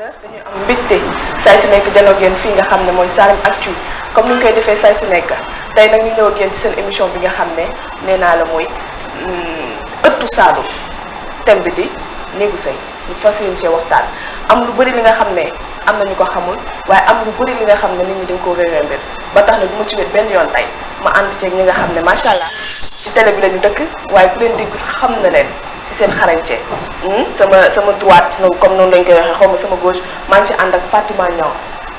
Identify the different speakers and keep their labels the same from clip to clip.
Speaker 1: dañuy am mbégte saay su nekk janoog yéen fii nga xam ne mooy Salam Actu comme ni ñu koy defee saay su nekk tey nag ñu ñëw ak yéen ci seen émission bi nga xam ne nee naa la mooy hmm, ëttu Saalum thème bi di néegu sëy ñu fas yéene see waxtaan am lu bëri li nga xam ne am na ñu ko xamul waaye am lu bëri li nga xam ne nit ñi dañ koo réeré mbir ba tax na du ma ci wet benn yoon tey ma ànd ceeg ñi nga xam ne macha allah ci télé bi la ñu dëkk waaye ku leen di xam na leen. si seen xarañte hmm? sama sama droite noonu comme noonu lañ koy waxee xaw ma sama gauche maa ngi ci ànd ak Fatima Niang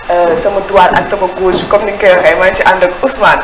Speaker 1: euh, sama droite ak sama gauche comme ni ñu koy waxee maa ngi ci ànd ak Ousmane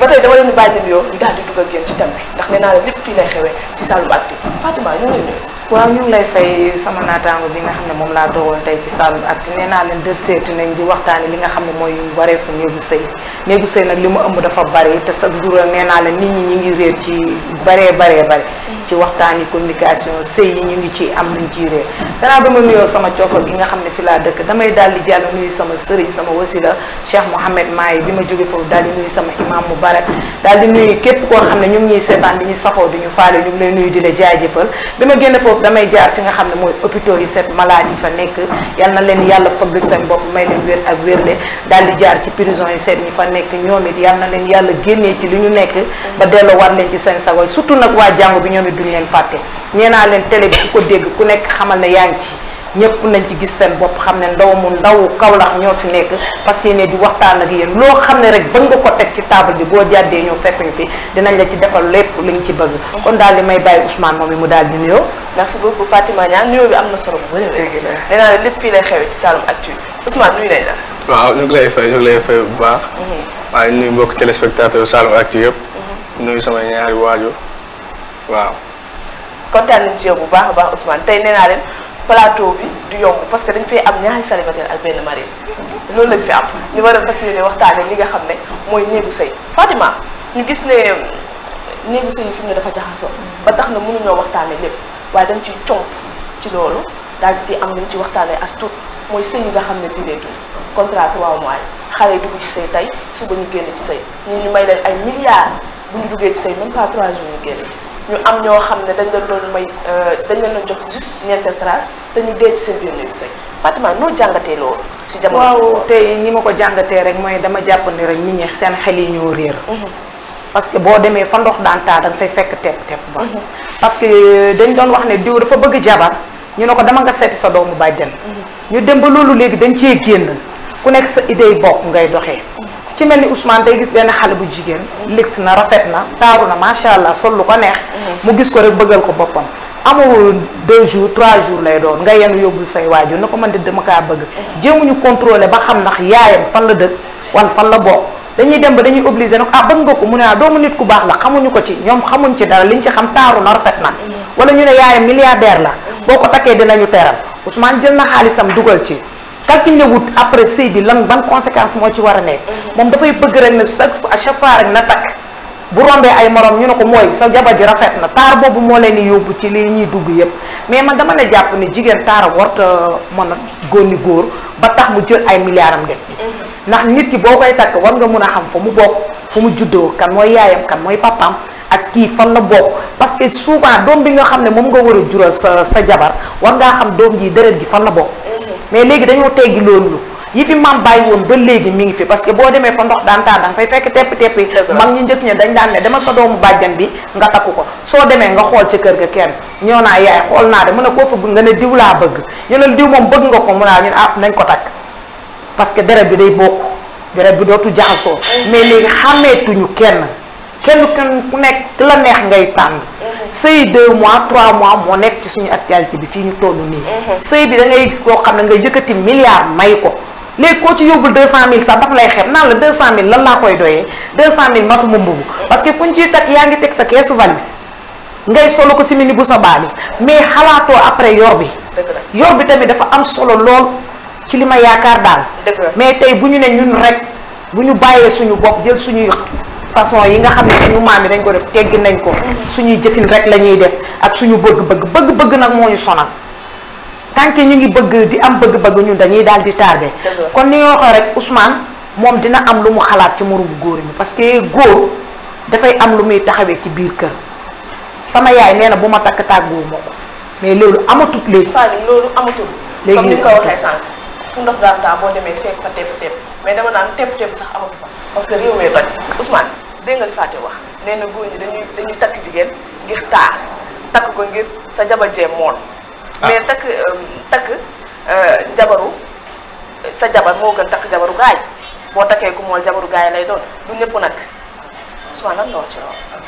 Speaker 1: ba tey dama leen bàyyi nuyoo ñu daal di dugg ak yéen ci thème bi ndax nee naa la lépp fii lay xewee ci Saloum Actu Fatima ñu ngi lay nuyu
Speaker 2: waaw ñu ngi lay
Speaker 3: fay sama naataango bi nga xam ne moom laa toogoon tey ci Saloum ak nee naa leen dër seet nañ di waxtaani li nga xam ne mooy wareefu néegu sëy néegu sëy nag li mu ëmb dafa bari te chaque jour nee naa leen nit ñi ñu ngi réer ci baree baree bari ci waxtaan yi communication sëy yi ñu ngi ci am luñ ciy réer danaa dama nuyoo sama coofal gi nga xam ne fi laa dëkk damay daal di jàll nuyu sama sëriñ sama wasila Cheikh Mouhamed Maay bi ma jóge foofu daal di nuyu sama imam Mubarak daal di nuyu képp koo xam ne ñu ngi ñuy seetaan di ñu safoo di ñu faale ñu ngi lay nuyu di la jaajëfal bi ma génn foofu damay jaar fi nga xam ne mooy hôpitaux yi seet malade yi fa nekk yal na leen yàlla fëgg seen bopp may leen wér ak wérle daal di jaar ci prison yi seet ñi fa nekk ñoom yal na leen yàlla génnee ci li ñu nekk ba delloo war leen ci seen sago surtout nag waa jàngu bi ñoom it duñ leen fàtte ñee naa leen télé bi ku ko dégg ku nekk xamal ne yaa ngi ci ñëpp nañ ci gis seen bopp xam ne ndaw mu ndaw Kaolack ñoo fi nekk parce que ne di waxtaan ak yéen loo xam ne rek nga ko teg ci table bi boo jàddee ñëw fekkuñ fi dinañ la ci defal lépp li ñu ci bëgg kon daal di may bàyyi Ousmane moom mi mu daal di nuyoo merci beaucoup Fatima
Speaker 1: Niane nuyoo bi am na solo bu wërëwërë. dégg naa lépp fii lay xewee ci Saloum Actu Ousmane nuyu nañ la.
Speaker 4: waaw ñu lay fay ñu ngi lay fay bu baax. Mhm. waaye nuyu mbokk téléspectateur Actu yëpp. Mhm. nuyu samay ñaari waajur waaw.
Speaker 1: kontaan bu baax a baax Ousmane tey nee naa leen plateau bi du yomb parce que dañ fay am ñaari célibataire ak benn mari loolu lañ fi am ñu war a fas yéene li nga xam ne mooy néegu sëy Fatima ñu gis ne mm, néegu sëy fi mu ne dafa jaxasoo mhm. ba tax na mënuñoo waxtaanee lépp. waaye dañ ci comp ci loolu daal di ci am luñ ci waxtaanee as tuut mooy sëy yi nga xam ne direetul contrat trois mois yi xale yi dugg ci sëy tey suba ñu génn ci sëy ñu may leen ay milliards bu ñu duggee ci sëy même pas trois ñu am ñoo xam ne dañ leen doon may euh, dañ leen doon jox juste ñeente trace te ñu dee ci seen biir néegu sëy Fatima noo
Speaker 3: jàngatee loolu si jamono te ñi ma ko jàngatee rek mooy dama jàpp ni rek nit ñi seen xel yi ñoo réer mm-hmm. parce que boo demee fa ndox daan taa da fay fekk tepp tepp ba mhm. parce que dañ doon wax ne diw dafa bëgg jabar ñu ne ko dama nga seet sa doomu bàjjan
Speaker 2: mhm.
Speaker 3: ñu dem ba loolu léegi dañ cee génn ku nekk sa idée bokk ngay doxee mhm. ci mel ni Ousmane day gis benn xale bu jigéen liggs na rafet na taaru na macha allah sol lu ko neex mu gis ko rek bëggal ko boppam amul deux jours trois jours lay doon nga yenn yóbbul say waajur na ko mën di dama kaa bëgg jéemuñu contrôler ba xam ndax yaayam fan la dëkk wan fan la bokk dañuy dem ba dañuy obligé nag ah bëgg nga ko mu ne ah doomu nit ku baax la xamuñu ko ci ñoom xamuñ ci dara ñu ci xam taaru na rafet na wala ñu ne yaayam milliardaire la boo ko takkee dinañu teral Ousmane jël na xaalisam dugal ci calculé wut après sëy bi lan ban conséquence moo ci war a nekk moom dafay bëgg rek na sa à chaque fois rek na takk bu rombee ay morom ñu ne ko mooy sa jabar ji rafet na taar boobu moo leen di yóbbu ci li ñuy dugg yépp mais man dama ne jàpp ni jigéen taaram warta mën a góor ni góor ba tax mu jël ay milliardam def ndax nit ki boo koy takk war nga mun a xam fa mu bokk fu mu juddoo kan mooy yaayam kan mooy papaam ak kii fan la bokk parce que souvent doom bi nga xam ne moom nga war a jural sa sa jabar war ngaa xam doom ji deret gi fan la bokk mais léegi dañoo teggi loolu yi fi maam bàyyi woon ba léegi mi ngi fi parce que boo demee fa ndox daan taa danga fay fekk tepp tepp yi mag ñu njëkk ña dañ daan ne dama sa doomu bàjjan bi nga takku ko soo demee nga xool ca kër ga kenn ñoo naa yaay xool naa de mu ne koo bëgg ñu ne diw moom bëgg nga ko mu parce que deret bi day bokk deret bi dootu jaxasoo mais léegi xàmmeetuñu kenn kenn kenn ku nekk la neex ngay tànn mhm. sëy deux mois trois mois moo nekk ci suñu actualité bi fii ñu toll nii mhm. sëy bi da ngay gis koo xam ne nga yëkkati milliard may ko léegi koo ci yóbbul deux cent mille sax dafa lay xeeb naan la deux cent mille lan laa koy doyee deux cent mille matuma mbubu parce que kuñ ciy takk yaa ngi teg sa keesu valise ngay solo ko simili bu sa baali mais xalaatoo après yor bi yor bi tamit dafa am solo lool ci li ma yaakaar daal. mais tey bu ñu ne ñun rek bu ñu bàyyee suñu bopp jël suñuy façon yi nga xam ne suñu maam yi dañ ko def teggi nañ ko. suñuy jëfin rek la ñuy def ak suñu bëgg-bëgg bëgg-bëgg nag moo ñu sonal. tant que ñu ngi bëgg di am bëgg-bëgg ñun dañuy daal di tardé. kon ni nga waxee rek Ousmane moom dina am lu mu xalaat ci moromu góor ñi parce que góor dafay am lu muy taxawee ci biir kër. sama yaay nee na bu ma takk tàggoo ma ko mais loolu amatul léegi.
Speaker 1: Fane amatul.
Speaker 3: léegi comme ni
Speaker 1: fu ndox daan taa boo demee fekk fa tepp tepp mais dama naan tepp tepp sax amatu fa parce que réew mee toj Ousmane dégg nga li wax nee na góor ñi dañuy dañuy takk jigéen ngir taar takk ko ngir sa jabar jee moon ah. mais takk euh, takk euh, jabaru sa jabar moo takk jabaru gaay boo takkee ku mool jabaru gaay lay doon du ñëpp nag Ousmane lan la wax ci loolu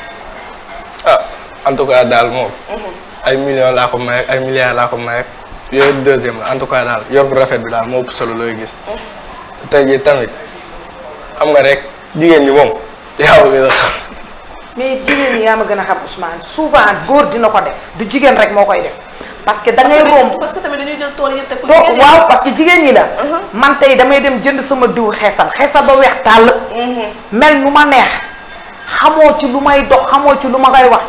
Speaker 4: ah en tout daal moom mhm. ay millions laa ko may ak ay yooyu deuxième la en tout cas daal yor bu rafet bi daal moo ëpp solo looy gis tey jii tamit xam nga rek jigéen ñi moom yaa ma gën a xam.
Speaker 3: mais jigéen ñi yaa ma gën a xam Ousmane souvent góor dina ko def du rek mo koy def. parce que da ngay romb
Speaker 1: parce que tamit dañuy jël tool yëpp teg waaw parce
Speaker 3: que jigéen ñi la. Uh-huh. man tey damay dem jënd sama diw xeesal xeesal ba weex tàll.
Speaker 2: Uh-huh.
Speaker 3: mel nu ma neex xamoo ci lu may dox xamoo ci wax.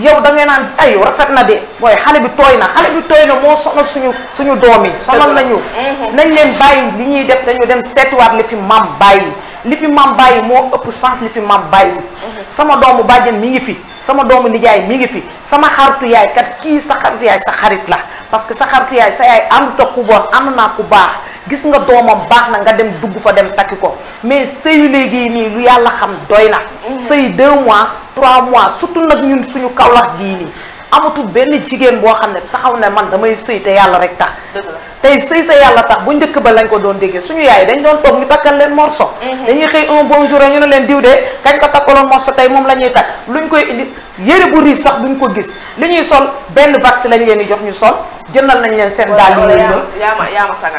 Speaker 3: yow da naan ay rafet na de waaye xale bi tooy na xale bi tooy na moo sonal suñu suñu doom yi sonal nañu
Speaker 2: mm-hmm. nañ leen bàyyi
Speaker 3: li ñuy def dañu dem seetuwaat li fi maam bàyyi li fi maam bàyyi moo ëpp sens li fi maam bàyyi mm-hmm. sama doomu bàjjen mi ngi fi sama doomu nijaay mi ngi fi sama xaritu yaay kat kii sa xaritu yaay sa xarit la parce que sa xaritu yaay sa yaay am ta ku bon ànd naa ku baax gis nga doomam baax na nga dem dugg fa dem takki ko mais sëyu léegi nii lu yàlla xam doy na mm. sëy deux mois trois mois surtout nag ñun suñu kawlax gii nii amatul benn jigéen boo xam ne taxaw ne man damay sëy te yàlla rek tax tey sëy sa yàlla tax bu njëkk ba lañ ko doon déggee suñu yaay dañ doon toog ñu takkal leen morso mhm. dañuy xëy un bon jour leen diw de kañ ko takkaloon tey moom la ñuy takk luñ koy indi yére bu riis sax duñ ko gis li ñuy sol benn vax lañ leen di jox ñu sol jëndal nañ leen seen daal yi lay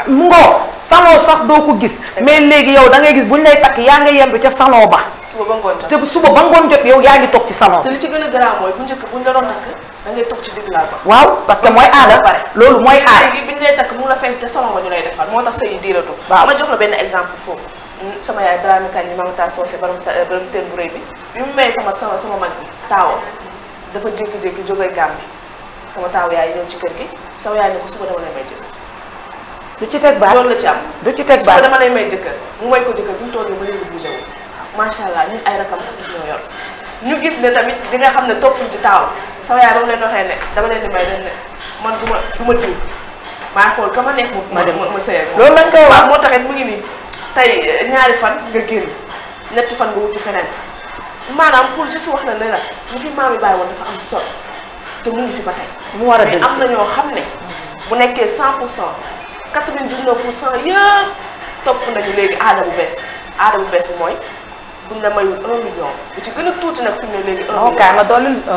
Speaker 3: mu ngoo salon sax doo ko gis mais léegi yow da ngay gis buñ lay takk yaa nga yendu ca salon ba te suba ba ngoon jot yow yaa ngi toog ci salon te
Speaker 1: gën a mooy bu njëkk buñ la doon da ngay toog ci digg laa ba.
Speaker 3: waaw parce que mooy aada. loolu mooy aada
Speaker 1: bi ñu lay takk mu la fekk te salon ba ñu lay defal moo tax sëy diiratu. waaw ma jox la benn exemple foofu. Mm, sama yaay Dramé Kañ ma taa soose baram baram teen bu rëy bi bi mu sama sama sama mag bi taawam dafa jékki-jékki jógee Gàmbi sama taaw yaay ñëw ci kër gi sama ne ko suba dama lay may jëkkër.
Speaker 3: ci teg baat loolu la ci am. du ci teg baat suba dama
Speaker 1: lay may jëkkër mu may ko jëkkër bi mu toogee ba léegi bougé macha allah ñun ay rakam ñu gis ne tamit di nga xam ne toppul ci taaw sama yaay ba mu leen ne dama leen di may leen ne man du ma du ma diw maa xool ka ma nekk mu ma dem ma sëy loolu lañ koy wax moo taxit mu ngi nii tey eh, ñaari fan nga génn ñetti fan nga wuti maanaam pour juste wax na ne la ñu fi maam yi am solo te mu ngi fi ba tey mu war a dem am na ñoo xam ne bu nekkee cent pour cent quatre-vingt-dix-neuf pour cent yëpp topp nañu léegi aada bu bees aada bu bees bi mooy buñ la mayu un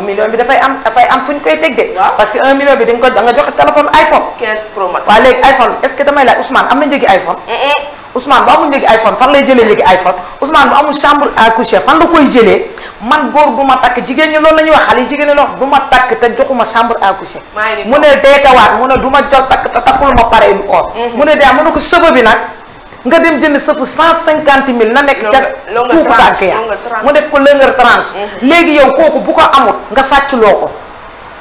Speaker 3: million bu bi dafay am dafay am fu ñu koy teg de. parce que un million bi dañ ko da nga joxe téléphone iPhone.
Speaker 1: 15 Pro Max waaw léegi iPhone
Speaker 3: est ce que damay laaj Ousmane am na njëgi iPhone. Eh, eh. Ousmane bu amul njëgi iPhone fan lay jëlee njëgi iPhone Ousmane bu amul chambre à fan la koy man góor bu takk jigéen ñi loolu la ñuy wax xale yi jigéen ñi loolu bu ma takk te joxuma chambre à
Speaker 1: mu ne dee tawaat mu ne
Speaker 3: du ma jot takk te ma pare lu or. Mm-hmm. mu ne ko sëba bi nga dem jënd sëpp cent cinquante mille na nekk ca suufu tànk ya mu def ko lëngër trente mhm. léegi yow kooku bu ko amut nga sàcc loo ko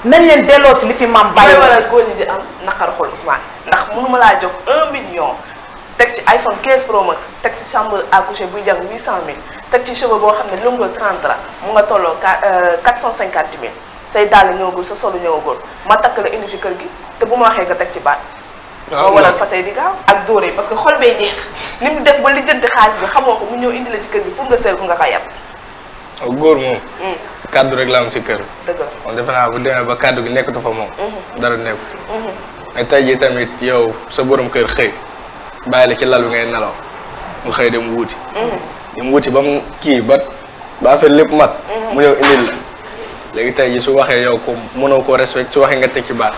Speaker 3: nañ leen delloo li fi maam bàyyi wala
Speaker 1: góor ñi di am naqar xol Ousmane ndax mënu ma laa jox un million teg ci iPhone 15 Pro Max teg ci chambre à buy jàng huit cent mille teg ci cheveux boo xam ne longueur trente la mu nga tolloo euh, quatre cent cinquante mille say dàll ñëwagul sa solu ñëwagul ma takk la indi ci kër gi te bu ma waxee nga teg ci baat waaw ah, moo waral fase di gaaw ak dóore parce que xol bee neex li mu def ba li jënd xaalis bi xamoo ko mu ñëw indi la ci kër gi pour nga seetlu nga koy yab. waaw ah, góor moom. Hmm.
Speaker 4: kàddu rek la am ci kër. dëgg la naa bu demee ba kàddu gi nekkatu fa moom. Hmm. dara nekku hmm. mais tey jii tamit yow sa borom kër xëy bàyyi la ci lal bi ngay nelaw mu xëy dem wuuti. dem wuuti ba kii ba ba affaire lépp mat. mu ñëw indil la léegi tey jii su waxee yow ko mënoo koo respect su waxee nga teg ci baax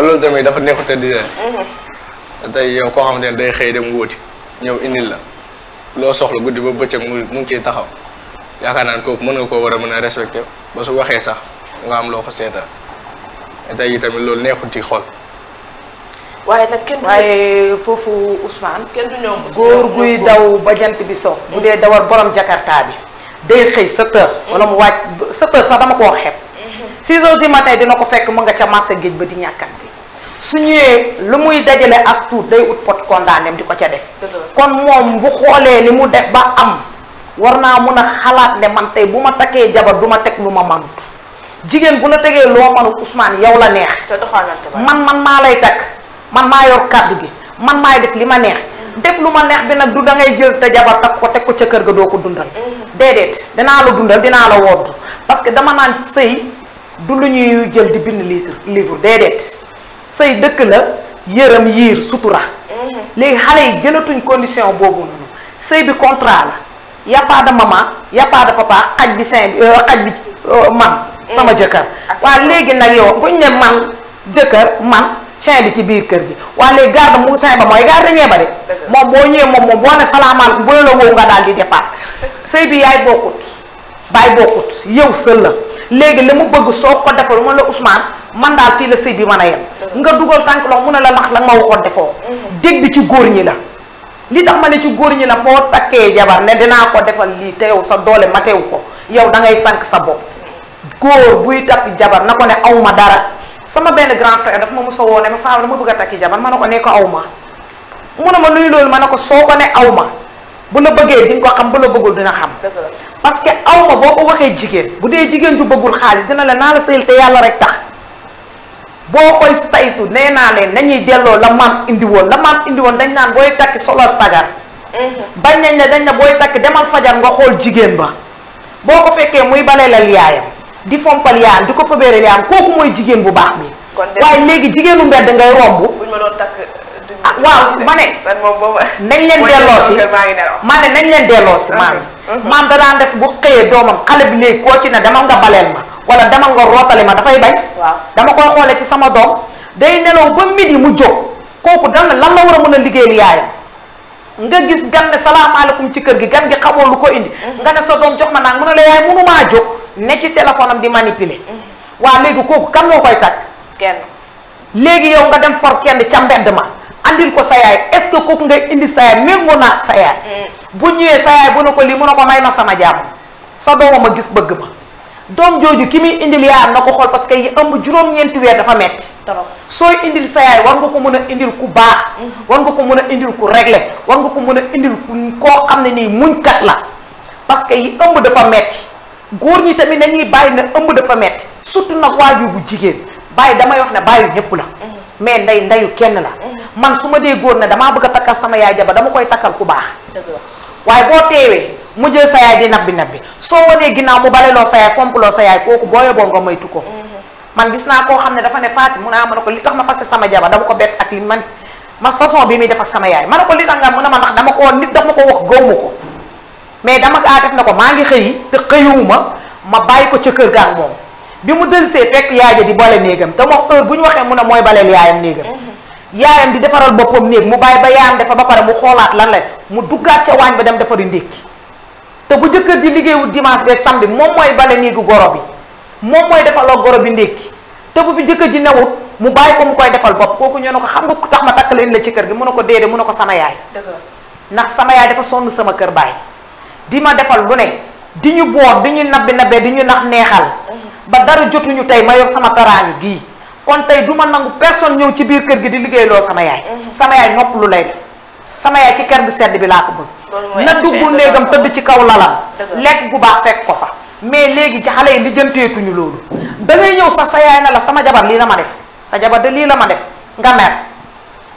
Speaker 4: loolu tamit dafa nekkute di leen
Speaker 2: mm-hmm.
Speaker 4: tey yow koo xamante ne day xëy dem wóoti ñëw indil la loo soxla guddi ba bëccëg mu mu ngi ciy taxaw yaakaar naa ne kooku mën nga koo war a mën a respecté ba su waxee sax nga am loo ko seetaan tey yi tamit loolu neexut ci xol
Speaker 1: waaye nag kenn
Speaker 3: du foofu Ousmane. kenn du ñoom góor guy daw ba bi so. bu dee dawal borom jakarta bi. day xëy 7 heures. Mm-hmm. wala mu wàcc 7 heures sax dama koo xeeb. 6 mm-hmm. heures du matin dina ko fekk mu nga ca marché géej ba di ñàkkan. su ñëwee lu muy dajale as tuut day ut pot condamnéem di ko ca def kon moom bu xoolee ni mu def ba am war naa mun a xalaat ne man tey bu ma takkee jabar du ma teg lu ma manut jigéen bu la tegee loo manut Ousmane yow la neex man man maa lay takk man maa yor kàddu gi man maay def li ma neex mm. def lu ma neex bi nag du da ngay jël te jabar takk ko teg ko ca kër ga doo ko dundal mm. déedéet danaa la dundal dinaa la wodd parce que dama naan sëy du lu ñuy jël di bind livre livre say dëkk la yërëm yiir sutura
Speaker 2: mhm. léegi xale
Speaker 3: yi jëlatuñ condition boobu noonu sëy bi contrat la y a pas de maman y a xaj bi sain bi euh, xaj bi euh, man mhm. sama jëkkër waaw léegi nag yow buñ ne man jëkkër man chien bi ci biir kër gi waaye léegi garde mu sain ba mooy garde ñee ba de moom boo ñëwee moom moom boo ne salaamaaleykum bu la la woo nga daal di départ sëy bi yaay bokkut baay bokkut yow sël la léegi la mu bëgg soo ko defal ma la Ousmane man dal fi le sëy bi mana yam nga duggal tank lo mu ne la nak la ma waxon defo deg bi ci gor ñi la li tax mané ci gor ñi la jabar ne dina ko defal li te sa doole matewu ko yow da ngay sank sa bopp góor buy tak jabar nako ne dara sama ben grand frère daf ma musa woné ma faaw dama bëgg takki jabar ma ne ko ne ko aw mu ne ma nuy lool ma ne ko soo ko ne bu la bëggee di nga ko xam bu la bëggul dina xam parce que awma boko jigen bu bëggul xaaliss dina la na la seyel te yalla rek tax boo koy saytu nee naa leen nañuy delloo la maam indi woon la maam indi woon dañ naan booy takk solal sagar mm-hmm. bañ nañ ne dañ ne booy takk demal fajar nga xool jigéen ba boo ko fekkee muy baleelal yaayam di fompal yaayam di ko fëbeeral yaayam kooku mooy jigéen bu baax bi waaye léegi jigéenu mbedd ngay romb
Speaker 1: ah, waaw ma ne nañ leen delloo si ma ne nañ leen delloo si maam
Speaker 3: mm-hmm. maam da daan def bu xëyee doomam xale bi léegi koo ci ne demal nga baleel ma wala demal nga rootale ma dafay bañ. dama koy xoolee ci sama doom day nelaw ba midi mu jóg kooku dana lan la war a mën a liggéeyal yaayam nga gis gan ne salaamaaleykum ci kër gi gan gi xamoo lu ko indi. Mm-hmm. nga ne sa doom jox ma naan mu ne la yaay ci téléphone am di manipuler. Mm-hmm. waa léegi kooku kan moo koy tàgg. kenn léegi yow nga ma. andil ko sa yaay que kooku indi sa yaay naa sa yaay. Mm. ñëwee sa yaay bu ne ko lii mu ne may ma sama jàmm sa doomam a gis bëgg ma. doom jooju ki muy indil yaayam na ko xool parce que yi ëmb juróom-ñeenti weer dafa metti sooy indil sa yaay war nga ko mën a indil ku baax mhm. war nga ko mën a indil ku réglé war nga ko mën a indil ku koo xam ne nii muñkat la parce que yi ëmb dafa metti góor ñi tamit nañuy bàyyi na ëmb dafa metti surtout nag waajur bu jigéen bàyyi damay wax ne bàyyi ñépp la mhm. mais ndey ndeyu kenn la mhm. man su ma dee góor ne damaa bëgg a takkal sama yaay jabar dama koy takkal ku baax mu jël sa yaay di nabbi bi soo wanee ginnaaw mu bale loo sa yaay fomp loo sa yaay kooku booyoo boo nga moytu ko. man gis naa koo xam ne dafa ne Fatim mu ne ah ma ne ko li tax ma fase sama jabar dama ko bett ak li man ma façon bi muy def ak sama yaay ma ko li tax nga mu ne ma ndax dama koo nit dama wax gawma ko mais dama kaa ah, def na ko maa ngi xëy te xëyuwuma ma bàyyi ko ca kër ga ak moom bi mu dëlsee fekk yaay ja di boole néegam te moom heure bu ñu waxee mu a mooy baleel yaayam néegam yaayam di defaral boppam néeg mu bàyyi ba yaayam defa ba pare mu xoolaat lan la mu duggaat ca waañ ba dem defari ndékki te bu jëkkër ji liggéeyul dimanche beeg samedi moom mooy bale néegu goro bi moom mooy defaloo goro bi ki te bu fi jëkkër ji newul mu bàyyi ko mu koy defal bopp kooku ñu ne ko xam nga tax ma takk leen la ci kër gi mu ne ko déedéet mu ne ko sama yaay ndax sama yaay dafa sonn sama kër baay di ma defal lu ne di ñu boot di ñu nabbi nabbee di ñu nax neexal uh-huh. ba dara jotuñu tey ma yor sama taraangi gii kon tey du ma nangu personne ñëw ci biir kër gi di liggéeyloo sama yaay uh-huh. sama yaay nopp lu lay sama yaay ci kër bu sedd bi laa ko
Speaker 2: nattu bu néegam tëdd ci kaw lalam
Speaker 3: lekk bu baax fekk ko fa mais léegi ci xale yi lijjanteetuñu loolu da ngay ñëw sax sa yaay na la sama jabar lii la ma def sa jabar de lii la ma def nga mer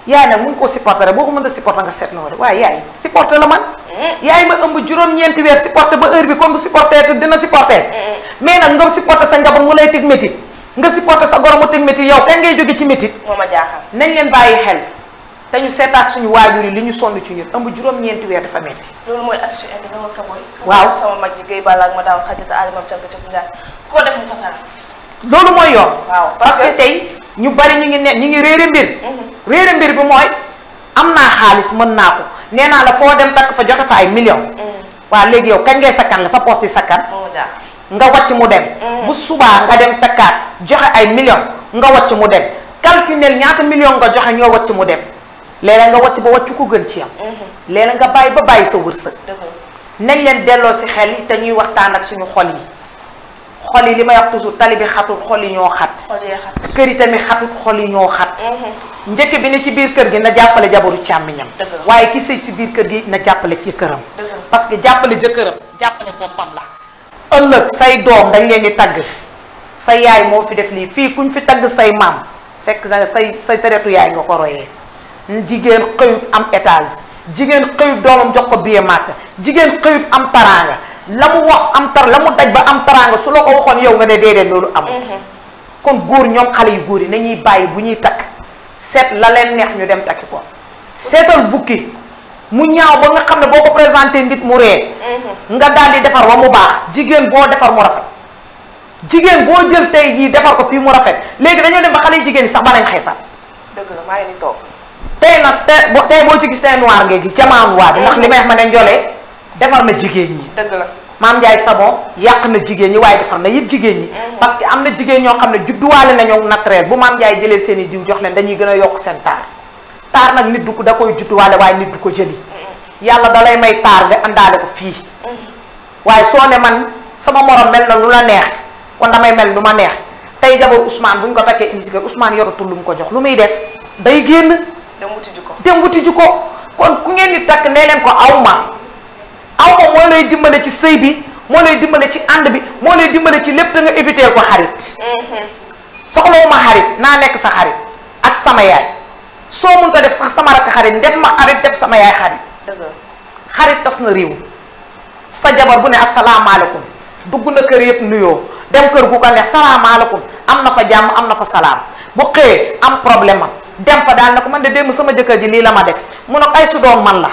Speaker 3: yaay nag mu ngi ko supporté rek boo ko mën a supporté nga seet noo rek waaye yaay ma ëmb juróom-ñeenti weer supporté ba heure bi comme bu supporté te dina supporté mais nag nga supporté sa njaboot mu lay teg métit nga supporté sa goro mu teg métit yow kañ ngay jóge ci métit moo ma jaaxal nañ leen bàyyi xel te ñu seetaat suñu waajur yi li ñu sonn ci ñun ëmb juróom-ñeenti weer dafa metti
Speaker 1: loolu waaw sama mag ji Guèye Balla ak madame Khadija Alima koo def
Speaker 3: loolu mooy yoon. waaw parce que tey ñu bari ñu ngi ne ngi réere mbir. Mhm. réere mbir bi mooy am naa xaalis mën naa ko nee naa la foo dem takk fa joxe fa ay million mhm. waaw léegi yow kañ ngay sakkan la sa poste di sakkan. nga wàcc mu dem. Mhm. bu subaa nga dem takkaat joxe ay millions nga wàcc mu dem calculel ñaata million nga joxe ñoo wàcc mu dem. léeg-léeg nga wàcc ba wàcc ko gën ci am. Mhm. léeg-léeg nga bàyyi ba bàyyi sa wërsëg.
Speaker 2: Mhm.
Speaker 3: nañ leen delloo si xel te ñuy waxtaan ak suñu xol yi xol yi li may wax toujours tali bi xatul xol yi ñoo xat. kër yi tamit xatul xol yi ñoo xat.
Speaker 1: Mhm.
Speaker 3: njëkk bi ne ci biir kër gi na jàppale jabaru càmmiñam. waaye kii sëy si biir kër gi na jàppale ci këram. parce que jàppale jëkkëram jàppale boppam la. ëllëg say doom dañ leen di tagg sa yaay moo fi def lii fii kuñ fi tagg say maam fekk na say say teretu yaay nga ko royee. Jigen xëyub am étage jigen xëyub doomam jox ko billet mat jigen xëyub am taranga, la wax am tar lamu daj ba am taranga su lako ko yow nga ne dede lolu am mhm. kon goor ñom xale yu goor yi nañuy bàyyi bu ñuy tak set la len neex ñu dem takiko setal buki mu ñaaw ba nga xamne boko boo nit mu ree
Speaker 2: mhm. nga dal di defar ba mu baax
Speaker 3: jigen bo defar mu rafet jigen bo jël tay jii defar ko fi mu rafet léegi dañu dem ba xale jigen sax ba lañ xeesal
Speaker 2: deug la ma ngi ni
Speaker 3: tey nag tey boo tey boo ci gis tey noir ngay gis ca maam waa bi ndax li may wax ma ne njolee defar na jigéen ñi. dëgg la maam Ndiaye sabon yàq na jigéen ñi waaye defar na yit jigéen ñi. Mm-hmm. parce que am na jigéen ñoo xam ne judduwaale nañoo naturel bu maam Ndiaye jëlee seen i diw jox leen dañuy gën a yokk seen taar taar nag nit du ko da koy judduwaale waaye nit du ko jëli. Mm-hmm. yàlla da lay may taar nga àndaale ko fii.
Speaker 2: Mm-hmm.
Speaker 3: waaye soo ne man sama morom mel na lu la neex kon damay mel lu ma neex tey jabar Ousmane bu ñu ko takkee indi si kër Ousmane lu mu ko jox lu muy def dem wuti ji ko dem wuti ji ko kon ku ngeen di takk nee leen ko aw ma aw moo lay dimbale ci sëy bi moo lay dimbale ci ànd bi moo lay dimbale ci lépp da nga éviter ko xarit mm-hmm. soxlawuma xarit naa nekk sa xarit ak sama yaay soo mun ko def sax sama rakk xarit def ma xarit def sama yaay xarit xarit tas na réew sa jabar bu ne asalaamaaleykum dugg na kër yëpp nuyoo dem kër gu ko neex salaamaaleykum am na fa jàmm am na fa salaam bu xëyee am problème am dem fa dal nako man de dem sama jëkkër ji ni la ma def mu ne ay su doon man la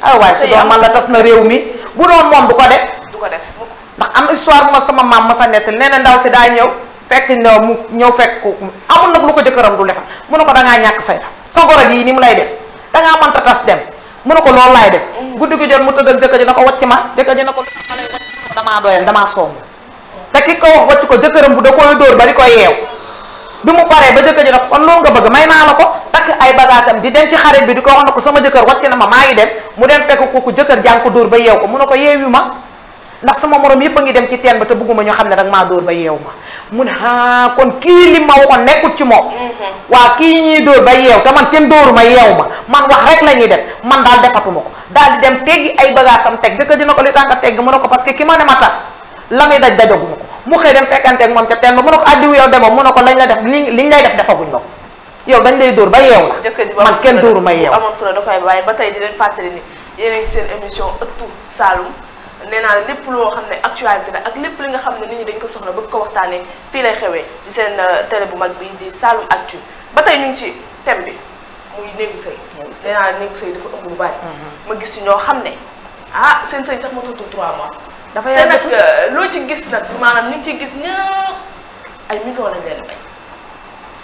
Speaker 1: ay way su doon man la tas na rew mi
Speaker 3: bu doon mom du ko def du ko def ndax am histoire bu ma sama mam ma sa nettali neena ndaw si da ñew fekk ñëw mu ñew fekk ko amul nak lu ko jëkkëram du defal mu ne da nga ñak fayda sa goro yi ni mu lay def dangaa mënta tass dem mu ne ko loolu laay def mm. guddi gi jot mu tëddal jëkkër ji nako ko wacc ma jëkkër ji nako ko damaa doyal dama soomu te ki ko wacc ko jëkkëram bu da koy door bari koy yew bi mu paree ba jëkë ji ne ko kon loolu nga bëgg may na la ko tak ay bagage am di dem ci xarit bi di ko wax ne ko sama jëkkër wàcc na ma maa ngi dem mu dem fekk ku ku jëkër jank door ba yew ko mu ne ko ma ndax sama morom yëpp nga dem ci teen ba te bëgguma ñu xamné ne ma door ba yeew ma mu ne kon ki li ma waxon nekkut ci moom
Speaker 2: mm-hmm.
Speaker 3: wa ki ñi door ba yew ta man kenn dóoru ma ma man wax rek lañuy def man dal defatuma ko di dem teggi ay bagage am teg jëkkër ko li tanka tegg mu ne ko parce que ki ma ne ma tass lamay daj dajaguma mu xëy dem fekkante ak moom ca teen ba mu ne ko addiwu ah, yow demoo mu ne ko lañ la def li liñ lay def defaguñ la ko yow dañ lay dóor ba yeew la man kenn dóoru ma yeew amoon
Speaker 1: fula da ba tey di leen fàttali ni yéen a ngi seen émission nee naa la lépp loo xam ne actualité la ak lépp li nga xam ne nit dañ ko soxla ba ko waxtaanee fii lay xewee ci seen euh, télé bu mag bi di Saloum Actu ba tey ñu ngi ci thème bi muy néegu sëy nee naa la néegu sëy dafa ëmb lu bari mm-hmm. ma gis ci ñoo xam ne ah seen sëy sax ma tudd 3 mois dafa yaay nag euh, loo ci gis nag maanaam ñu ngi ci gis ñëpp ay millions lañ leen may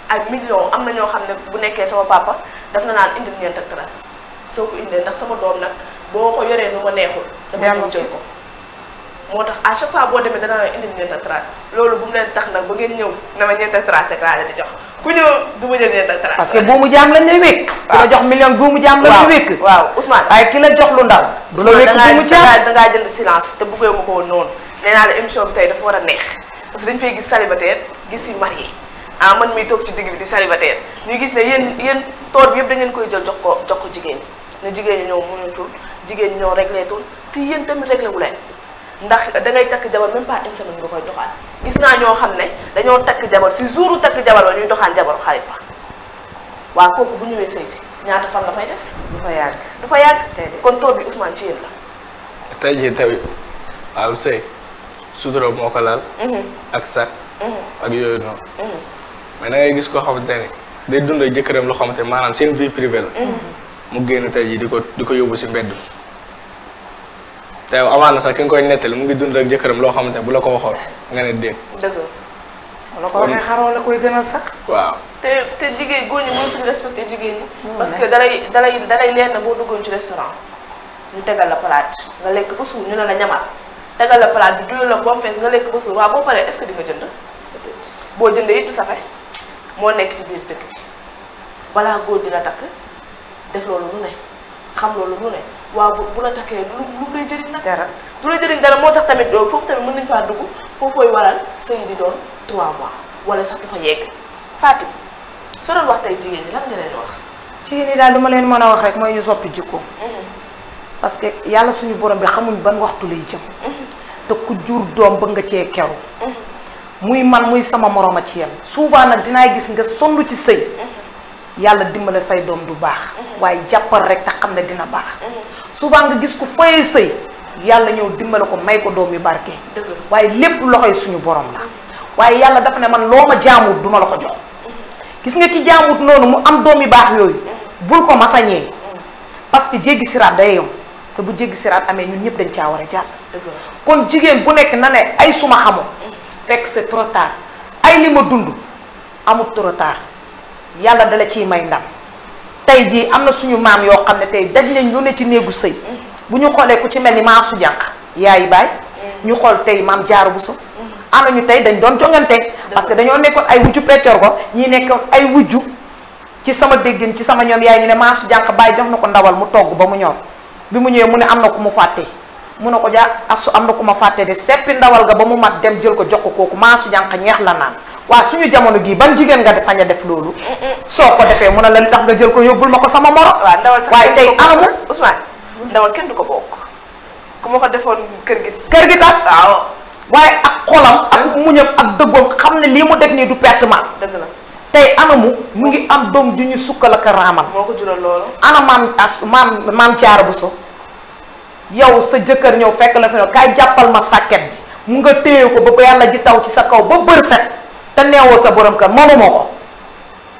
Speaker 1: ay millions am na ñoo xam ne bu nekkee sama papa def na naan indil ñeent ak trace soo ko indee ndax sama doom nag boo ko yoree nu ma neexul.
Speaker 3: dama jël ko
Speaker 1: moo tax à chaque fois boo demee danaa indil ñeent ak trace loolu bu mu leen tax nag ba ngeen ñëw na ma ñeent ak trace rek laa leen di jox. ku ñëw du ma ñëw nee parce que buumu jaam lañ lay
Speaker 3: wékk. ki la jox million buumu jaam lañ waaw Ousmane. waaye ki la jox lu ndaw. du la wékk buumu jaam
Speaker 1: jënd silence te bëggee ma ko noonu. nee naa la émission bi tey dafa war a neex parce que dañu fay gis célibataire gis yi marié ah man miy toog ci digg bi di célibataire ñu gis ne yéen yéen tool bi yëpp da ngeen koy jël jox ko jox ko jigéen ñi ne jigéen ñi ñoo mënatul jigéen ñi ñoo réglé tul te yéen tamit réglé wu leen ndax da takk jabar même pas une semaine nga koy joxaat gis naa ñoo xam ne dañoo takk jabar si jouru takk jabar ba ñuy doxaan jabaru xarit ba waaw kooku bu ñëwee sëy si ñaata fan la def du fa yàgg du fa yàgg kon tool bi Ousmane ci yéen la
Speaker 4: tey jii tamit waaw sëy sutura moo ko laal mhm. ak sac mhm. ak yooyu noonu mhm. mais da ngay gis koo xamante ne day dund jëkkëram loo xamante maanaam seen vie privée la mu génn tey jii di ko di ko yóbbu si mbedd te amaana sax ki nga koy nettali mu ngi dund ak jëkkëram loo xam ne bu la ko waxoon nga ne dégg.
Speaker 1: dëgg la. ko waxee xaroo la koy gënal sax. waaw te te jigéen góor ñi jigéen parce que dalay dalay dalay leer na boo duggoon ci restaurant ñu tegal la palaat nga lekk ba ñu ne la ñamal tegal la palaat bi juyal la ba mu fees nga lekk ba suur waaw boo paree jënd boo jëndee it moo nekk ci biir dëkk bi balaa góor di takk def loolu lu ne xam loolu lu ne. waaw bu la takkee lu lu lay jëriñ nag. dara du lay jëriñ dara moo tax tamit foofu tamit mën nañu faa dugg foofooy waral sëy di doon 3 mois wala sax dafa yegg Fatim soo doon wax tey jigéen ñi
Speaker 3: daal du ma leen mën a wax rek mooy ñu soppi jikko. Mm-hmm. parce que yàlla suñu borom bi xamuñ ban waxtu lay jëm. Mm-hmm. te ku jur doom bëgg nga cee keru. Mm-hmm. muy man muy sama morom a ci yem souvent nag dinaa gis nga sonn ci sëy. yàlla dimbale say doom du baax. waaye jàppal rek te xam ne dina baax. souvent nga gis ku fayee sëy yàlla ñëw dimbale ko may ko doom yu barke waaye lépp loxoy suñu boroom la waaye yàlla dafa ne man loo ma jaamut duma la ko jox gis nga ki jaamut noonu mu am doom yu baax yooyu bul ko masañee parce que jéggi siraat day yom te bu jéggi siraat amee ñun ñëpp dañ caa war a jàll kon jigéen bu nekk na ne ay suma xamu fekk c'est trop tard ay li ma dund amut trop tard yàlla dala ciy may ndam tey jii am na suñu maam yoo xam ne tey daj nañ lu ne ci néegu sëy bu ñu xoolee ci mel ni maa su jànq yaayi baay ñu xool tey maam jaaru bu so ana ñu tey dañ doon jongante parce que dañoo nekkoon ay wujju peccor ko ñii nekkoon ay wujju ci sama déggin ci sama ñoom yaay ñu ne maa su jànq baay jox na ko ndawal mu togg ba mu ñor bi mu ñëwee mu ne am na ku mu fàtte mu ne ko jaa asu am na ku ma fàtte de seppi ndawal ga ba mu mat dem jël ko jox ko kooku maa su jànq ñeex la naan wa suñu jamono gi ban jigen nga sañ a def lolu soko defé mo na ne la tax nga jël ko yobul mako sama mor. wa ndawal sax way tay amul
Speaker 1: Ousmane. ndawal kën du ko bokk.
Speaker 3: ku ko defoon kër gi. kër gi tass waaw. waaye ak xolam ak muñam ak dëggoom xamne ne mu def ni du pertement. dëgg la tey anamu mu ngi am dom duñu sukkal ak ramal moko jural lolu ana tass as maam maam bu so yow sa jëkër ñew fekk la fi kay jappal ma saket bi mu nga téye ba ba yalla ji taw ci sa kaw ba beur set te newo sa borom kër momo moko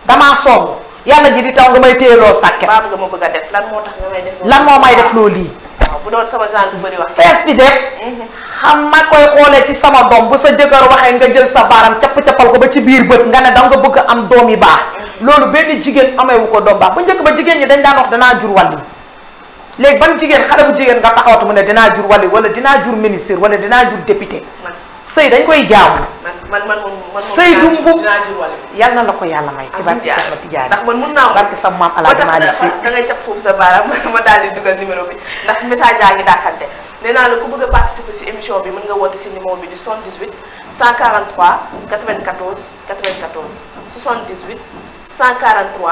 Speaker 3: dama sonn yalla ji di taw nga may téyeloo sàkket baabu nga ma bëgg def lan moo tax nga may def lan moo may def loolu lii bu doon sama genre bu wax fees bi de mhm. xam ma koy xoolee ci sama dom bu sa jëkkër waxe nga jël sa baram ciap ciapal ko ba ci biir beut nga ne da nga bëgg am domi ba lolu mhm. loolu benn jigéen amewu ko dom ba bu njëkk ba jigen ñi dañ daan wax dana jur wàllu leg ban jigen xala bu jigen nga taxawatu mu ne dinaa jur wàllu wala dina jur ministre wala dina jur député sëy dañ koy jaamu.
Speaker 1: man man man sëy du
Speaker 3: mbub yal na la ko yàlla may. ci barke Cheikh Ahmed Tidiane ndax man mun naa sa maam
Speaker 1: Alaaji Maalik sa baaraam ma daal di dugal numéro ndax message yaa ngi dàkkante nee naa la ku bëgg a participer si émission bi mën nga woote si numéro bi di 78 143 94 94 78 143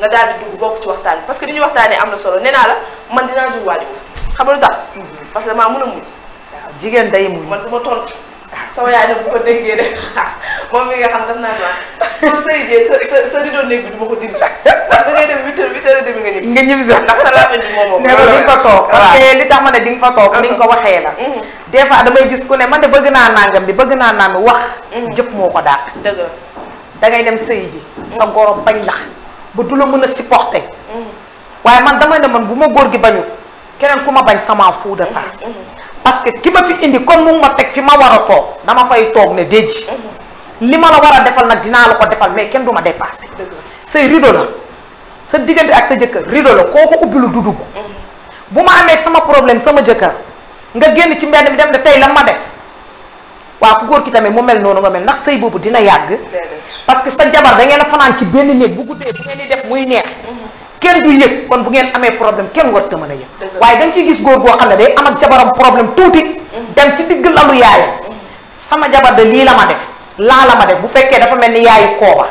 Speaker 1: nga daal di dugg bokk ci parce que li ñuy waxtaanee am na solo nee naa la man dinaa jur waale xam nga lu parce que damaa mën a muñ. jigéen day muñ man du ma tontu. sama yaay nag bu ko déggee de moom mi nga xam daf naa doon soo sëy jee sa
Speaker 3: sa sa ma ko ne ko di nga fa toog parce ne di ko waxee la mhm. des damay gis ku ne man de bëgg naa nangam bi bëgg naa naan wax mhm. jëf moo ko daal dëgg da ngay dem sëy ji sa goro bañ la ba du la mën a si supporter mhm. waaye man damay ne man bu ma góor gi bañu keneen ku ma bañ sama fuuda saa parce que ki ma fi indi kon mu ma teg fi ma war a toog dama fay toog ne déj li ma la war a defal nag dinaa la ko defal mais kenn du ma dépassé say rido la sa diggante ak sa jëkkër rido la koo ko ubbi lu dudug bu ma amee sama problème sama jëkkër nga génn ci mbedd mi dem ne tey la ma def waa ku góor ki tamit mu mel noonu nga mel ndax sëy boobu dina yàgg parce que sa jabar da ngeen a fanaan ci benn néeg bu guddee bu di def muy neex kenn du yëg kon bu ngeen amee problème kenn warut a mën a yëg waaye dañ ciy gis góor goo xam ne day am ak jabaram problème tuuti dem ci digg lalu yaayam sama jabar de lii la ma def laa la ma def bu fekkee dafa mel ni yaayu kooba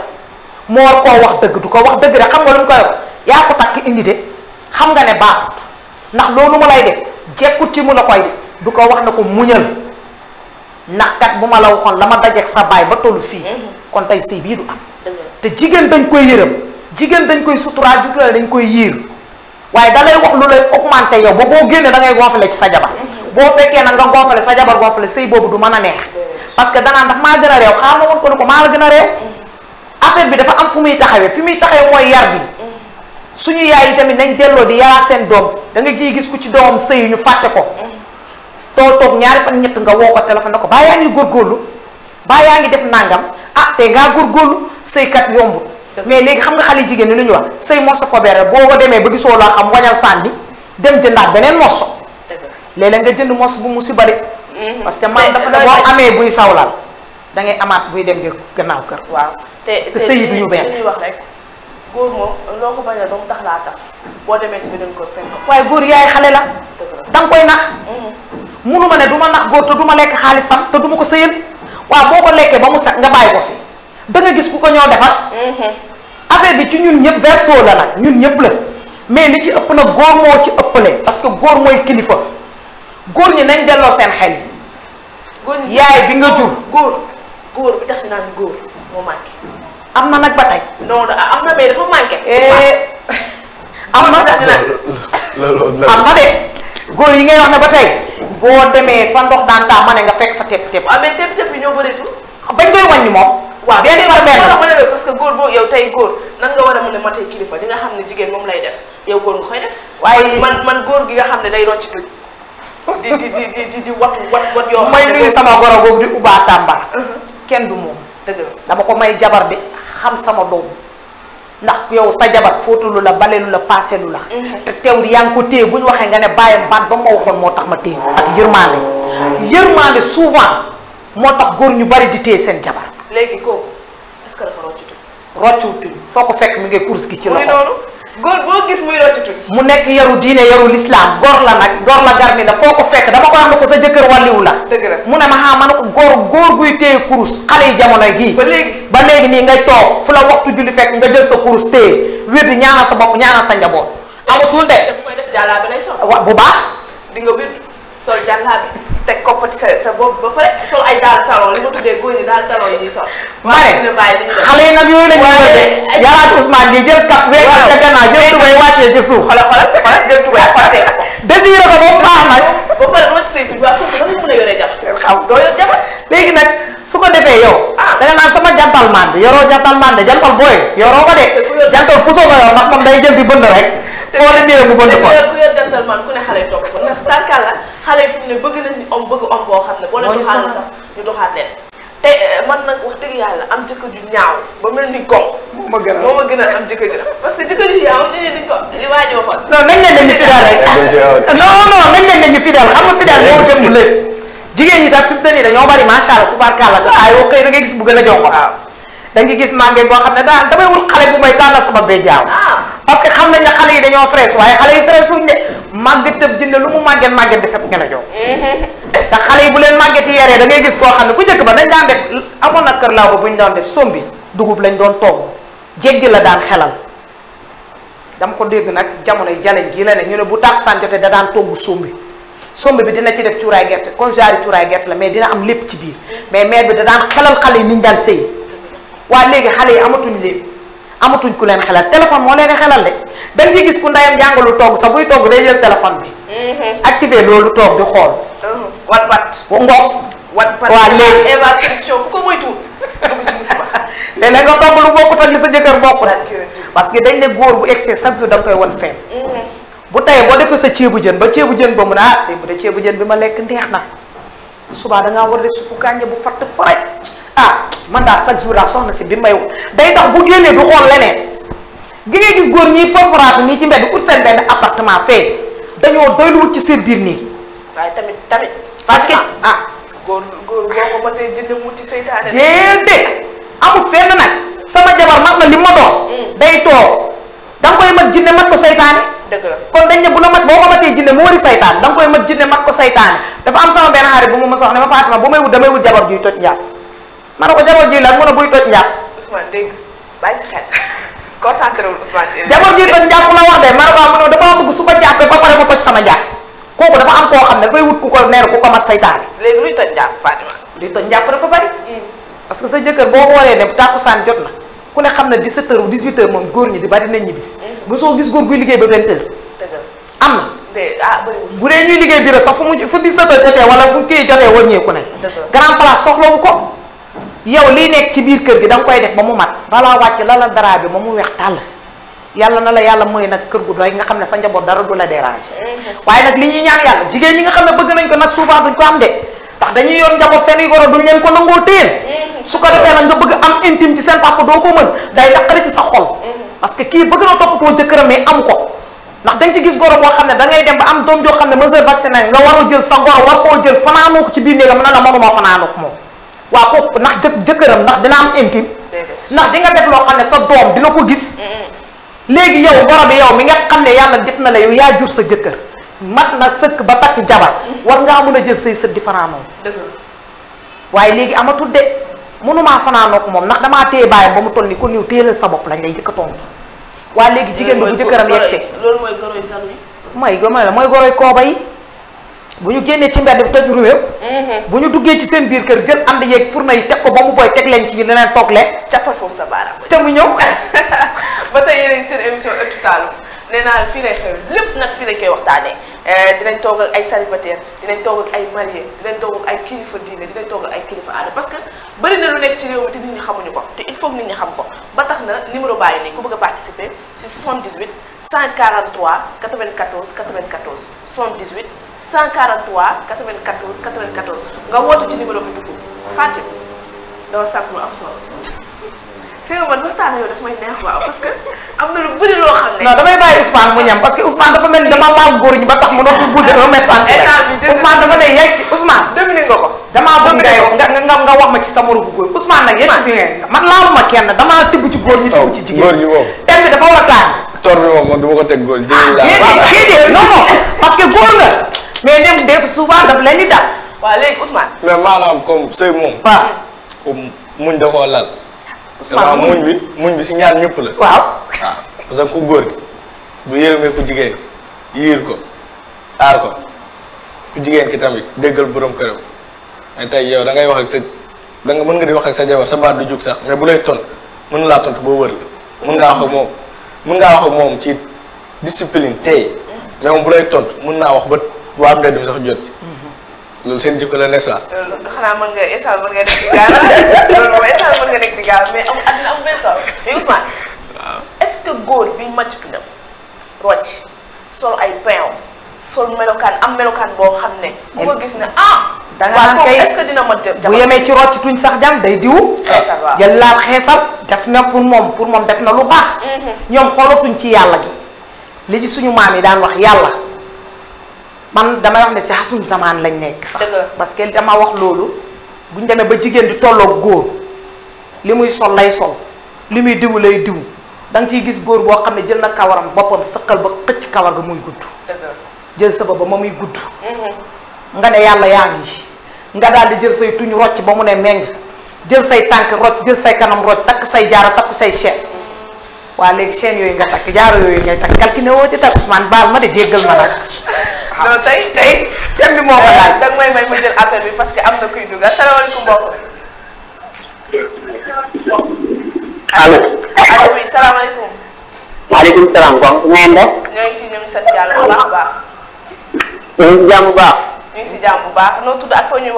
Speaker 3: moo war koo wax dëgg du ko wax dëgg de xam nga lu mu koy wax yaa ko xam nga ne baaxut ndax loolu ma lay def jekkut ci mu la koy def du ko wax ne ko muñal ndax kat bu ma la waxoon la ma dajeeg sa baay ba tollu fii mm-hmm. kon tey sëy bii du am te jigéen dañ koy yërëm jigéen dañ koy suturaal jigéen dañ koy yiir waaye da lay wax lu lay augmenté yow ba boo génnee da ngay gonfale ci sa jabar boo fekkee nag nga gonfale sa jabar gonfale sëy boobu du mën a neex parce que danaan ndax maa gën a réew xaar ma ko ne ko maa la gën a réew affaire bi dafa am fu muy taxawee fi muy taxawee mooy yar bi suñu yaay yi tamit nañ delloo di yaraat seen doom da nga ciy gis ko ci doomam sëy ñu fàtte ko toog toog ñaari fan ñett nga woo ko téléphone ne ko baa yaa ngi góorgóorlu baa yaa ngi def nàngam ah te ngaa góorgóorlu sëykat yombut mais léegi xam nga xale jigéen ñi ñu ñuy wax say morso ko beral boo ko demee ba gisoo loo xam wañal sànni dem jëndaat beneen morso. léeg-léeg nga jënd morso bu mu si bari.
Speaker 2: Mm-hmm.
Speaker 1: parce que man dafa ne boo amee buy sawlal
Speaker 3: da amaat buy dem gannaaw kër. waaw te te sëy bi ñu benn
Speaker 1: wax rek góor moom loo ko tax laa tas boo demee ci beneen waaye góor yaay xale la.
Speaker 3: da nga koy nax. Mm-hmm. munu ma ne du ma nax góor te du ma xaalis xaalisam te duma ko sëyal waaw boo ko lekkee ba mu set nga bàyyi ko fi da gis ku ko ñoo defar. Mhm. affaire bi ci ñun ñëpp verso la nag ñun ñëpp la mais li ci ëpp na góor moo ci ëpp ëppale parce que góor mooy kilifa góor ñi nañ delloo seen xel.
Speaker 1: yaay bi nga jur góor góor bi tax naan góor am na nag ba tey.
Speaker 3: non am na mais dafa manqué. Eh. am na am yi ngay wax ne ba tey boo demee fa ndox daan taa ma ne nga fekk fa tepp tepp. ah mais tepp tepp bi ñoo bëreetul. bañ koy wàññi moom. waaw benn par benn
Speaker 1: parce que góor boobu yow tey góor nan nga war a mën a matee kilifa li nga xam ne jigéen moom lay def yow góor nga koy def. waaye man
Speaker 3: man góor gi nga xam ne day rocc tuñ. di di di di di wat wat wat yoo. xam ne mooy sama goro boobu di Uba Tamba. Uh-huh. kenn du moom. dëgg dama ko may jabar bi xam sama doom ndax yow sa jabar fóotalu la balelu la paaselu la. Uh-huh. te teewul yaa ngi ko téye bu ñu waxee nga ne bàyyam baat ba ma waxoon moo tax ma téye ak yërmaande. yërmaande souvent moo tax góor ñu bari di téye seen jabar.
Speaker 1: léegi kooku est que dafa
Speaker 3: foo ko fekk mu ngi course gi ci loxo. muy noonu gis muy rocc mu nekk yaru diine yaru lislaam gor la nag gor la garmi la foo ko fekk dama ko am na ko sa jëkkër wàlliwu la. dëgg la mu ne ma ah ma ne ko góor góor guy téye course xale yi jamono gii. ba léegi ba léegi nii ngay toog fu la waxtu julli fekk nga jël sa course téye wér di ñaanal sa bopp ñaanal sa njaboot. amatul de. daf koy
Speaker 1: wa bu baax. di nga so jalla bi tek ko pot sa sa bob ba pare so ay dal talon li ma tuddee góor ñi daal talon ni so sol. ma ne xale yi nag yooyu la ñuy wër de yàllaat Ousmane gi jël kap wéy ca gannaaw jël tu tubay wàccee ci sou xala
Speaker 3: xala xala jël tu xottee ko. désiré ko ba mu baax nak ba pare loo ci tu tuuti ko ko dama mën yoré jax xam do doo jax légui nak suko su yow. Ah. da nga sama jantal man bi yoroo jantal man de jantal boy yoro ko de. jantal puso ko yor nak mom day jël di bënd rek.
Speaker 1: foo leen di yëngu bënd fa
Speaker 3: ku
Speaker 2: yor
Speaker 1: jantal man ku ne xalé top ko ndax tànkal la xale yi fu mu ne bëgg nañ om bëgg om boo xam ne boo leen doxaat sax ñu doxaat leen te eh, man nag wax dëgg yàlla am jëkkër ju ñaaw ba mel ni gong moo ma gën a moo ma gën a am jëkkër ju parce que jëkkër ju ñaaw nit ñi dañ ko li waajoo ko non nañ leen ñu fidèle rek
Speaker 3: non non nañ leen ñu fidèle xam nga fidèle moo gën lépp jigéen ñi sax fi mu ne nii dañoo bari macha allah tubaarkàlla te saa yoo xëy da ngay gis bu gën a jox ko da nga gis mànge boo xam ne daa damay wut xale bu may tànn sama bee jaaw ah. parce que xam nañ ne xale yi dañoo frees waaye xale yi frees wuñ de màgget tëb lu mu màgget màgget di set ngeen a jox te xale yi bu leen màgget yi yaree da gis koo xam ne bu njëkk ba dañ daan def amoon na kër laaw ba bu ñu daan def sombi dugub lañ doon togg jéggi la daan xelal dama ko dégg nag jamono jaleñ gii la ne ñu ne bu tàkkusaan jotee da daan togg sombi sombi bi dina ci def cuuraay gerte comme genre cuuraay gerte la mais dina am lépp ci bii mais maire bi da xale yi niñ daan sëy waaye léegi xale yi amatuñ lépp amatuñ ku leen xelal téléphone moo leen di xelal de dañ fi gis ku ndeyam jàngalu togg sax buy togg day jël téléphone bi. Mhm. activé loolu toog di xool. Mhm. waa wat. ngoog. wat
Speaker 1: wat waaw léegi Eva ko moytuwul dugg ci musiba.
Speaker 3: léeg-léeg nga togg lu bokkut ak li sa jëkkër bokk na. parce que dañ ne góor bu excès chaque jour da koy won fenn. Mhm. bu tey boo defee sa ceebu jën ba ceebu jën ba mu ne ah tey bu dee ceebu jën bi ma lekk ndeex na subaa da ngaa war a def suppu kànja bu fatt faray ah man daa chaque jour daa soxna si bi may wax day tax bu génnee du xool leneen gi ngay gis góor ñi forforaatu nii ci mbedd ut seen benn appartement fee dañoo doylu wut ci seen biir néegi
Speaker 1: waaye tamit tamit
Speaker 3: parce que ah, ah.
Speaker 1: góor góor boo ko matee jënd mu ci seytaane déedéet
Speaker 3: amul fenn nag sama jabar mat na li ma doon hmm. day toog danga koy mat jinne mat ko seytaane dëgg la kon dañ ne bu la mat boo ko matee jinne mu wari seytaane danga koy mat jinne mat ko seytaane dafa am sama benn xarit bu ma mës a wax ne ma Fatima bu may wut damay wut jabar juy toj njàpp ma ko jabo ji mo na buy toj ñap
Speaker 1: Ousmane deg bay bàyyi si xel concentré wul Ousmane. jabar ji toj la wax de mara
Speaker 3: ne ko mu bëgg ba ma sama ñap koku dafa am ko xamne fay wut ku ko neer ku ko mat saytaane.
Speaker 1: legui luy toj ñap Fatima.
Speaker 3: luy toj ñap dafa bari. parce que sa jëkkeur bo xoolee ne tàkkusaan jot na ku ne xam 17 h 18 h mom goor ñi di bari nañ bis bu so gis goor guy liggéey ba 20 ah bari wu bu de ñuy liggéey bureau sax fu mu fu 17 h jotté wala fu jotté jotee ku ne. grand place wu ko yow li nek ci bir kër gi dang koy def ba mu mat bala wacc la la dara bi momu wex tal yalla na la yalla moy nak kër gu doy nga xamne sa njabot dara du la déranger waye nak li ñi ñaan yalla jigeen yi nga xamne bëgg nañ ko nak souvent duñ ko am de tax dañuy yoon njabot seen yoro duñ leen ko nangoo teen su ko defé nak nga bëgg am intime ci seen papa do ko mën day naqari ci sa xol parce que ki bëgg na ko jëkëram mais am ko ndax dañ ci gis goro bo xamne da ngay dem ba am doom jo xamne mesure vaccinale nga waru jël sa goro war ko jël fanaanoo ko ci biir néegam na la mënuma fanaanoo ko moom waaw ko ndax jë jëkkëram ndax dina am intime ndax di nga def loo xam ne sa doom dina ko gis léegi yow goro bi yow mi nga xam ne yàlla def na la yow yaa jur sa jëkkër mat na sëkk ba takk jabar war ngaa mën a jël sa sët di fanaanoon waaye léegi amatul de mënumaa ko moom ndax damaa téye bàyyam ba mu toll ni kon yow téelal sa bopp lañ lay jëkka tontu waaye léegi jigéen bi bu jëkkëram yegsee loolu mooy goroy sax mooy goroy kooba yi bu ñu génnee ci mbedd bi toj ruweew mhm. bu ñu duggee ci seen biir kër jël ànd yeeg furna yi teg ko ba mu booy teg leen ci biir leneen toog leen
Speaker 1: cappal foofu sa baaraam te mu ñëw ba tey yéen seen émission ëttu Saloum nee naa fii lay xew lépp nag fii lañ koy waxtaanee eh, dinañ toog ak ay célibataire dinañ toog ak ay marié dinañ toog ak ay kilifa diine dinañ toog ak ay kilifa aada parce que bëri na lu nekk ci réew mi te nit ñi xamuñu ko te il faut nit ñi xam ko ba tax na numéro bàyyi a participer si 78 143 94 94 143 94 94 nga woote ci numéro bi dugg Fatim doo sàkk lu am solo. Seydou man waxtaan yow daf am na lu bëri ba xam ne. non damay parce que Ousmane dafa mel ni
Speaker 3: ba tax mu noppi bousez un mètre cent. Ousmane dafa ne yegg ci Ousmane. dominer nga ko man laaluma kenn damaa tibb
Speaker 4: ci góor ñi. tibb ci jigéen góor ñi moom. thème bi a taan. tor bi moom man góor
Speaker 3: ah, nga mais nem def souvent daf leen di dal. waaw léegi Ousmane.
Speaker 4: mais maanaam comme sëy moom. waaw comme muñ da koo lal. waaw muñ bi muñ bi Wow. ñaar ñëpp la. waaw waaw parce que ku góor gi bu yërëmee ku jigéen yiir ko aar ko ku jigéen ki tamit déggal yow da ngay wax ak sa da nga mën nga di wax ak sa jabar sa baat du jug sax mais bu lay ton mën wër mën wax ak mën wax ak ci discipline tey mais moom bu lay tontu mën wax ba bu mhm. eh, eh, ya? ah. am du sax jot lool seen jikko la nessa ce
Speaker 1: pas. nga instant mën nga nekk di gaal loolu moom instant nga nekk di gaal mais amul àddina amul benn est-ce que bi sol ay pain sol am melokaan boo xam ne. ko gis ne ah. da nga naan kay est-ce que dina ma jëm bu yemee ci rocc
Speaker 3: tuñ sax jam day diw. jël laal xeesal def na pour pour def na
Speaker 2: lu
Speaker 3: ci gi. li ci suñu daan wax man damay wax ne si xasuñ zamaan lañ nekk sax parce que dama wax loolu buñ demee ba jigéen di tolloog góor li muy sol lay sol li muy diwu lay diwu da nga ciy gis góor boo xam ne jël na kawaram boppam sëqal ba xëcc kawar ga muy gudd jël sa ba ba muy gudd
Speaker 2: mm-hmm.
Speaker 3: nga ne yàlla yaa ngi nga daal di jël say tuñ rocc ba mu ne meng jël say tànk rocc jël say kanam rocc takk say jaara takk say chaîne waa léegi chaîne yooyu nga tak jaar yoy ngay tak kalkine woo ci takk Ousmane bal ma de djegal ma nak
Speaker 2: do tay tay
Speaker 3: thème bi moko dal dag may may ma jël appel bi parce que amna kuy dugg salam
Speaker 1: alaykum bokk allo allo oui salaamaaleykum.
Speaker 2: alaykum salaam kon ngeen def.
Speaker 1: ñoo ngi fi ñu ngi yalla bu baax baax.
Speaker 3: ñu ngi si baax.
Speaker 1: ñu si jàmm ba. baax tuh tudd ak foo ñu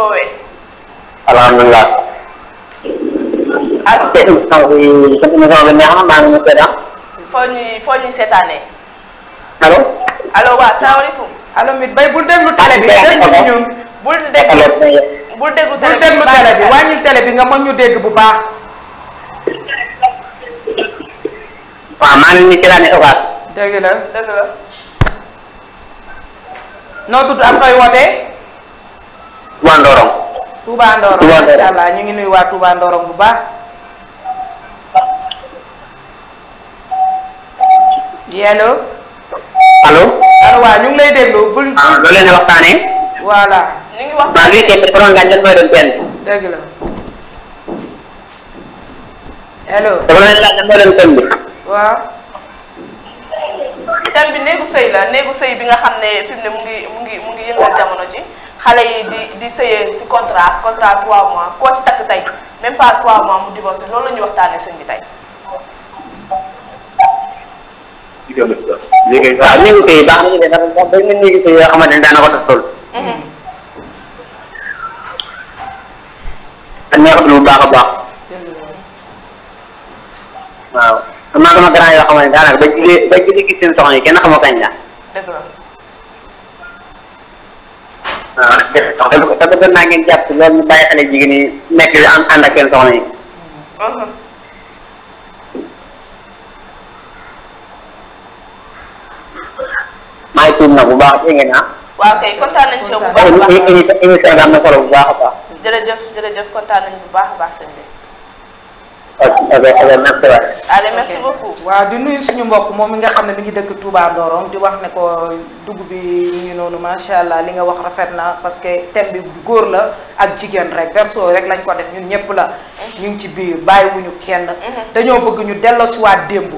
Speaker 3: ah te ɗum kankoye soɓinotoɓe ndema mami seeɗa
Speaker 1: foñi foñi seetane allo allo wa salamu aleykum
Speaker 3: allo mbiɗa bay ɓuuri deglu télé bi deglu ñun ñu dégg bu ak fay wootee Touba Ndorong Touba Ndorong inshallah ñu ngi nuyu waa Touba Ndorong bu baax Hello. Halo. Halo, allo ah, ñu lay déglu. buñ buñ ah loolu voilà ñu ngi waxtaanee. ngi teg trop nga jot mooy doon benn. dëgg la. allo. dama leen laaj lan mooy doon thème
Speaker 1: bi la bi nga fi mu ngi mu ngi mu ngi yëngal jamono yi di di sëyee ci contrat contrat 3 mois koo ci takk tey même pas 3 mois mu loolu bi
Speaker 3: liggéey waaw néegu sëy yi baax na ci de ndax moom day mel néegu sëy yoo xamante ne daanaka tas tool. ak neexatul bu baax a baax. waaw am naa sama grand yoo xamante ne daanaka ba jigéen ba jigéen gis seen soxna yi kenn xamoo kañ la. waaw def soxna te bëgg naa ngeen jàpp loolu ñu bàyyi xale jigéen
Speaker 4: ñi nekk ànd ak seen soxna yi.
Speaker 3: ngeen ah.
Speaker 1: waaw kay kontaan nañ ci yow bu baax
Speaker 3: a am na solo bu baax a baax.
Speaker 1: jërëjëf jërëjëf kontaan nañ bu baax a baax sëñ bi. merci
Speaker 3: beaucoup waaw di nuyu suñu mbokk moom mi nga xam ne mi ngi dëkk Touba Ndorong di wax ne ko dugub bi ñu ngi noonu macha allah li nga wax rafet naa parce que thème bi góor la ak jigéen rek verso rek lañ ko def ñun ñëpp la ñu ngi ci biir bàyyiwuñu kenn dañoo bëgg ñu delloosiwaat démb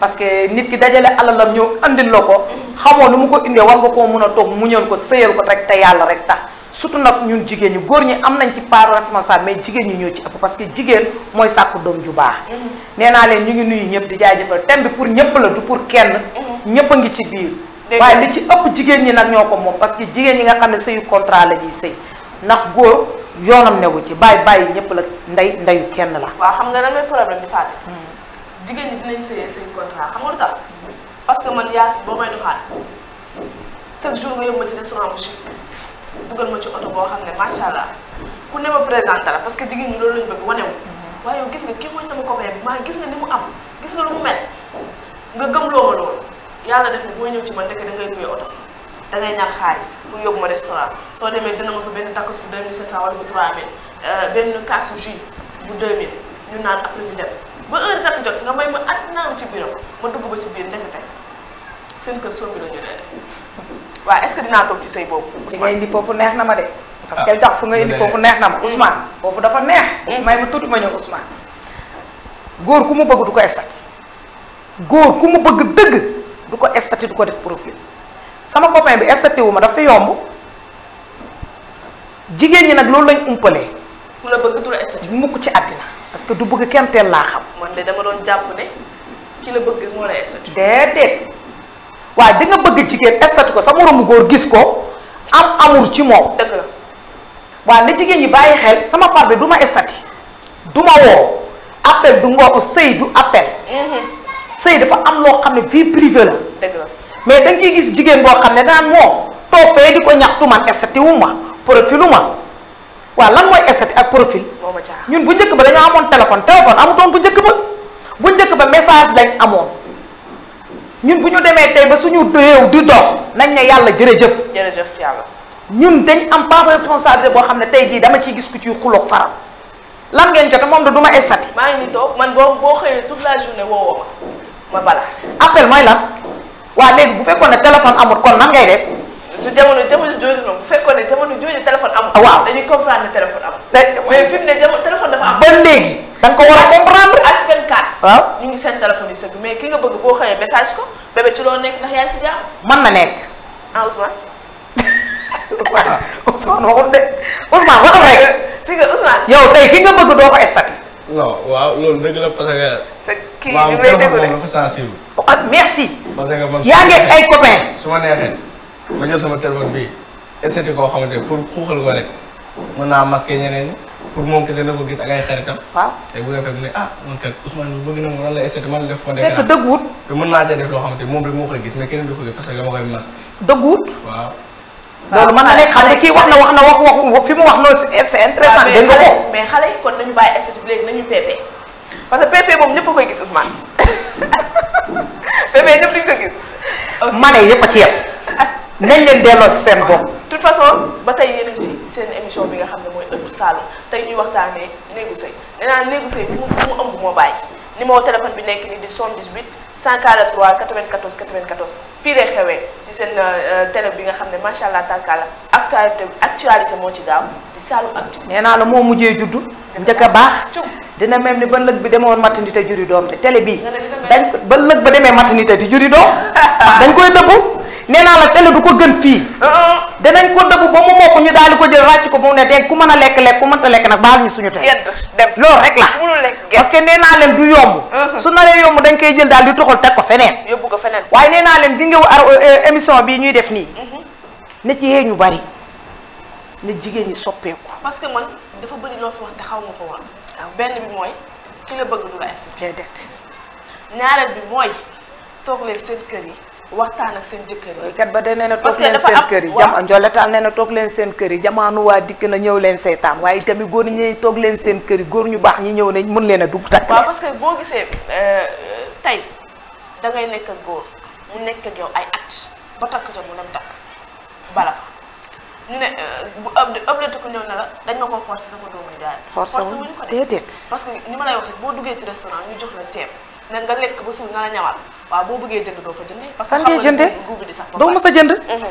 Speaker 3: parce que nit ki dajale alalam ñëw andil la ko xamoo nu mu ko indee war nga koo mun a toog muñoon ko sëyal ko rek te yàlla rek tax surtout nag ñun jigéen ñi góor ñi am nañ ci part responsable mais jigéen ñi ñoo ci ëpp parce que jigéen mooy sàkku doom ju baax nee naa leen ñu ngi nuyu ñëpp di jaajëfal thème bi pour ñëpp la du pour kenn ñëpp a ngi ci biir waaye li ci ëpp jigéen ñi nag ñoo ko moom parce que jigéen ñi nga xam ne sëyu contrat la ñuy sëy ndax góor yoonam newu ci bàyyi bàyyi ñëpp la ndey ndeyu kenn la waaw
Speaker 1: xam nga lan jigéen ñi dinañ sëyee seen contrat xam nga lu tax parce que man yaa si boo may doxaan chaque jour nga yóbbu ma ci restaurant bu chic dugal ma ci oto boo xam ne macha allah ku ne ma présenté la parce que jigéen ñi loolu lañ bëgg wane wu. waaye gis nga kii mooy sama copain bi maa gis nga ni mu am gis nga lu mu mel nga gëmloo ma loolu yàlla def na booy ñëw ci man dëkk da ngay luye oto da ngay ñàkk xaalis pour yóbbu ma restaurant soo demee dina ma fa benn tacos bu 2500 wala bu euh, benn kaas bu jus bu 2000 ñu naan après ñu dem. ba heure kat jot nga may ah, ma adnaam ci biram ma dugg ba ci biir ndekete seen kër soobi la ñu dee waaw
Speaker 3: est ce que dinaa toog ci sëy boobu nga indi foofu neex na ma de parce que ah, tax fu nga indi foofu neex na ma Ousmane hmm. foofu dafa neex hmm. may ma tuuti ma ñëw Ousmane góor ku mu bëgg du ko estati góor ku mu bëgg dëgg du ko estati du ko def profil sama copain bi estati wu ma dafa yomb jigéen ñi nag loolu lañ umpalee
Speaker 1: ku la bëgg du la estati
Speaker 3: mukk ci àddina parce que du bëgg kenn teel laa xam.
Speaker 1: man de dama doon japp ne ki la bëgg mo lay estatu. déedéet
Speaker 3: wa di nga bëgg jigéen estatu ko sa moromu goor gis ko am amour ci mom dëgg la waaye na jigéen yi bàyyi xel sama far bi du estati duma wo appel du ngoko sëy du appel. Mhm. sëy dafa am lo xam vie privée la. dëgg la mais da ci gis jigéen bo xam daan moo toog di ko ñaxtu man estati wu ma profiluma waa lan mooy statut ak profil. ñun bu njëkk ba dañoo amoon téléphone téléphone amutoon bu njëkk ba bu njëkk ba message lañ amoon ñun bu ñu demee tey ba suñu réew di dox nañ ne yàlla jërëjëf. jërëjëf yàlla. ñun dañ am part de responsabilité boo xam ne tey jii dama ciy gis ku ci xuloog
Speaker 1: faram lan ngeen jot moom de du ma statut. maa ngi toog man boo boo xëyee toute la journée woowoo ma ma bala. appel mooy lan waa léegi bu fekkoon ne téléphone amul kon nan ngay def. su jamono jamono jooju moom bu fekkoon ne jamono jooju téléphone amul. Ah, waaw dañuy comprendre ne téléphone amul. mais fi mu ne jamono am. ba léegi da ko war a comprendre. H24. waaw ah. ñu ngi seen téléphone yi sëgg mais ki nga bëgg boo xëyee message ko bébé ci loo nekk ndax yaa ngi na nekk. ah Ousmane.
Speaker 3: Ousmane Ousmane waxul de Ousmane waxul ko estati.
Speaker 4: non loolu dëgg la parce kii bi may déglu waaw téléphone moom ah, merci.
Speaker 3: yaa ngi ay copain.
Speaker 4: su ma neexee. ma jël sama téléphone bii essayé koo xamante pour xuuxal ko rek mën naa masqué ñeneen pour moom kese na ko gis ak ay xaritam. waaw te bu nga fekk ne ah man kat Ousmane mi bëgg na ma lan la te moom moo koy gis mais keneen du ko loolu
Speaker 3: mën na nekk xam ne wax na wax na wax wax fi mu wax noonu c'est intéressant. Ah, dégg nañu
Speaker 1: bàyyi essayé bi léegi nañu pepe parce que moom ñëpp a koy gis Ousmane pepe ñëpp duñ ko gis.
Speaker 3: ma yëpp a ci yem nañ leen delloo seen bopp. de
Speaker 1: toute façon ba tey yéen a seen émission bi nga xam ne mooy ëttu Saloum tey ñuy waxtaanee néegu sëy nee naa néegu sëy bu mu bu mu ëmb moo bàyyi numéro téléphone bi nekk nii di 78 143 94 94 fii lay xewee ci seen euh, télé bi nga xam ne macha allah tarkala actualité actualité moo ci gaaw di Saloum Actu. nee naa la moo
Speaker 3: mujjee juddu. njëkk a baax dina mel ni ba lëg bi demoon matinité juri doom de télé bii. dañ ba lëg ba demee matinité di juri نانا لا تلو دوكو گن في دا نان كو دبو بو مو موكو ني داليكو جير راتي كو مو نيت كو مانا ليك ليك كو مانتا ليك نا بال ني سونو تاي دم لو ريك لا باسكو نانا لن دو يوم سو نانا يوم دا نكاي جيل دال دي توخول تك كو فنين يوبو كو فنين واي نانا لن بيغي ار ايميسيون بي ني ديف ني ني تي هي ني باري ني جيجي ني سوبيكو
Speaker 1: باسكو مان دا فا بري لو فا وخ تخاو مكو وا بن بي موي كي لا بغ دولا اسيت دي ديت نانا بي موي توخ لين سين كيري waxtaan ak seen jëkkër yi. kat ba de
Speaker 3: nee na toog leen seen kër yi jam njoletaal nee na toog leen yi jamaanu waa dikk na ñëw leen seetaan waaye tamit góor ñi ne toog leen seen kër yi góor ñu baax ñu ñëw nañ mën leen a dugg takk waaw
Speaker 1: parce que boo gisee euh, tey da ngay nekk góor mu nekk ak yow ay at ba takk jot mu dem takk bala fa ñu ne euh, ko na la dañ ma ko force sama doomu jaay. force wuñ déedéet force wuñ ko def parce que ni ma lay wax boo duggee ci restaurant ñu jox la ceeb ne nga lekk ba suur nga la waaw boo bëggee jënd doo fa jëndee. parce que xam nga jëndee guubi di doo mës a jënd. Mhm.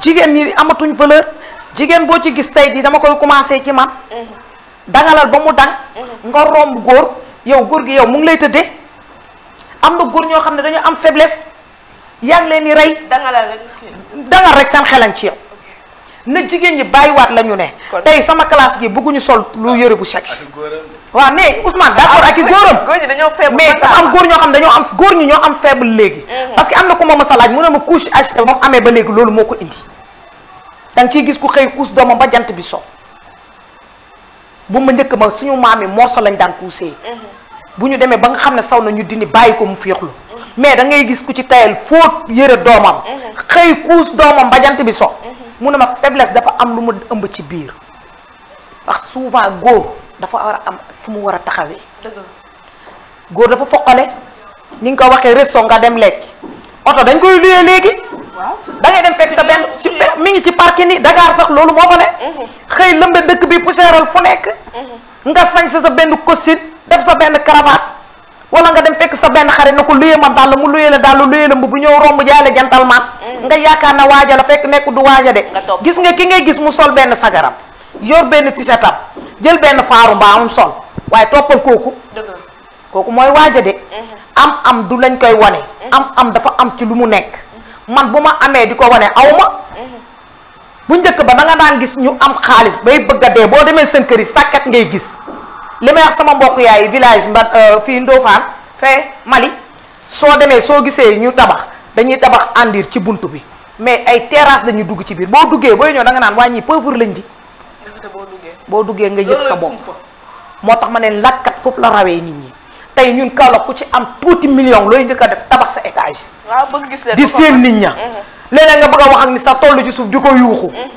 Speaker 3: jigéen ñi amatuñ valeur jigéen boo ci gis tey di dama koy commencé ci man. Mhm. dangalal ba mu dang. Mhm. nga romb góor yow góor gi yow mu ngi lay tëddee am na góor ñoo xam ne dañu am faiblesse yaa ngi leen di rey. dangalal rek dangal rek seen xelañ ci yow. na jigéen ñi bàyyiwaat la ñu ne. tey sama classe gi bëgguñu sol lu yëre bu chèque. waa mais Ousmane d'accord ah, ak i góoram mais dafa am góor ñoo xam dañoo am góor ñi ñoo am faible léegi mhm. parce que am na ku ma masalaaj mu a ma couche acheté ba mu amee ba léegi loolu moo ciy gis ku xëy couche doomam ba bi so bu ma njëkk ma suñu maam yi morso lañ daan poussé mhm. bu ñu demee ba nga xam ne saw na ñu dindi bàyyi ko mu féexlu mais da ngay gis ku ci tayal fóot yëre doomam mhm. xëy couche doomam ba jant bi so mu ne ma faiblesse dafa am lu ma ëmb ci biir ndax souvent góor dafa war am fu mu war a taxawee. góor dafa foqale ni nga ko waxee resto nga dem lekk oto dañ koy luyee léegi. waaw da ngay dem fekk sa benn mi ngi ci parking ni Dakar sax loolu moo fa ne. Mhm. xëy lëmbe dëkk bi poussièreal fu nekk. Mhm. nga sañ sa sa benn costume def sa benn cravate wala nga dem fekk sa benn xarit na ko luyee ma dàll mu luyee la dàll luyee la mbubb ñëw romb jaay la mhm. nga yaakaar na waaja la fekk nekk du waaja de. gis nga ki ngay gis mu sol benn sagaram yor benn tisetam jël benn faaru mbaamum sol waaye toppal kooku kooku mooy waaja de mhm. am am du lañ koy wane mhm. am am dafa am ci lu mu nekk mhm. man bu ma amee di ko wane aw ma bu njëkk ba da daan gis ñu am xaalis bay bëgg a dee boo demee seen kër yi sàkket ngay gis li may wax sama mbokk yaay village mba euh, fii Ndofane fee Mali soo demee soo gisee ñu tabax dañuy tabax àndir ci bunt bi mais ay terrasse dañuy dugg ci biir boo duggee booy ñëw da nga naan waa ñii lañ ji boo duggee nga yëg sa bopp moo tax ma ne lakkat foofu la rawee nit ñi tey ñun Kaolack ku ci am tuuti million looy njëkk a def tabax sa étage.
Speaker 1: waaw bëgg gis leen di seen nit ña. Mhm.
Speaker 3: leneen nga bëgg a wax ak ni sa toll ci suuf di ko yuuxu. Mhm.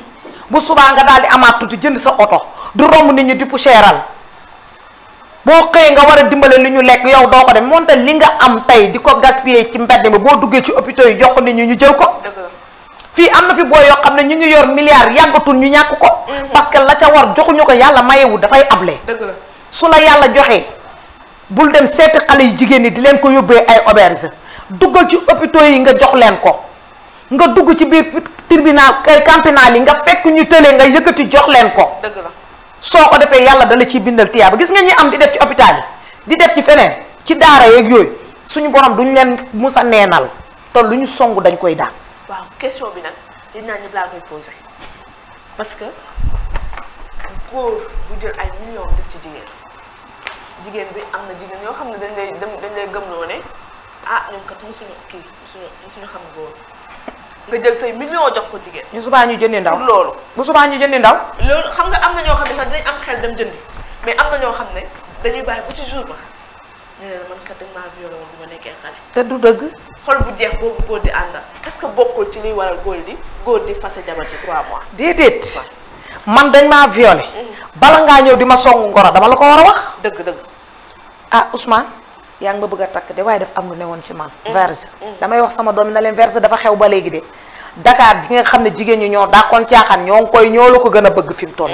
Speaker 3: bu subaa nga daal di amaat tuuti jënd sa oto du romb nit ñi di puchéeral boo xëyee nga war a dimbale li ñu lekk yow doo ko dem moonte li nga am tey di ko gaspiller ci mbedd mi boo duggee ci hôpitaux yi jox nit ñi ñu jël ko. fii am na fi booy yoo xam ne ñu ngi yor milliards yàggatul ñu ñàkk ko. Mm-hmm. parce que la ca war joxuñu ko yàlla mayewu dafay able. su la yàlla joxee bul dem seeti xale yi jigéen ñi di leen ko yóbbee ay auberge duggal ci hôpitaux yi nga jox leen ko nga dugg ci biir tribunal kay eh, campinal yi nga fekk ñu tëlee nga yëkkati jox leen ko. soo ko defee yàlla dala ciy bindal tiyaaba gis nga ñi am di def ci hôpital yi di def ci feneen ci daara yeeg yooyu suñu borom duñ leen musa neenal te lu ñu song dañ koy daan.
Speaker 1: waaw question bi nag dinaa ñëpp laa koy posé parce que góor bu jël ay millions def ci jigéen jigéen bi am na jigéen ñoo xam ne dañ lay dañ lay gëmloo ne ah ñoom kat mosuñu kii mosuñu mosuñu xam góor
Speaker 3: nga jël say millions jox ko jigéen. bu subaa ñu jëndi ndaw loolu. bu subaa ñu jëndi ndaw. loolu
Speaker 1: xam nga am na ñoo xam ne sax dinañ am xel dem jëndi mais am na ñoo xam ne dañuy bàyyi bu ci jour ba ñu ne la man kat dañ maa violé woon bu ma nekkee xale.
Speaker 3: te du dëgg.
Speaker 1: xol bu jeex boobu góor di àndal est-ce que ci luy waral góor di góor di fase
Speaker 3: jabar ci 3 mois. man dañ violé. Mm-hmm. bala ngaa ñëw di ma songu ngoro dama la ko war a wax. dëgg dëgg ah Ousmane yaa ngi ma bëgg a takk de waaye am lu ne ci man. Mm-hmm. verse mm-hmm. damay wax sama doom na leen verse dafa xew ba léegi de Dakar gi nga xam ne jigéen ñi ñoo ci xaan ñoo koy ñoo lu ko gëna bëgg fim mu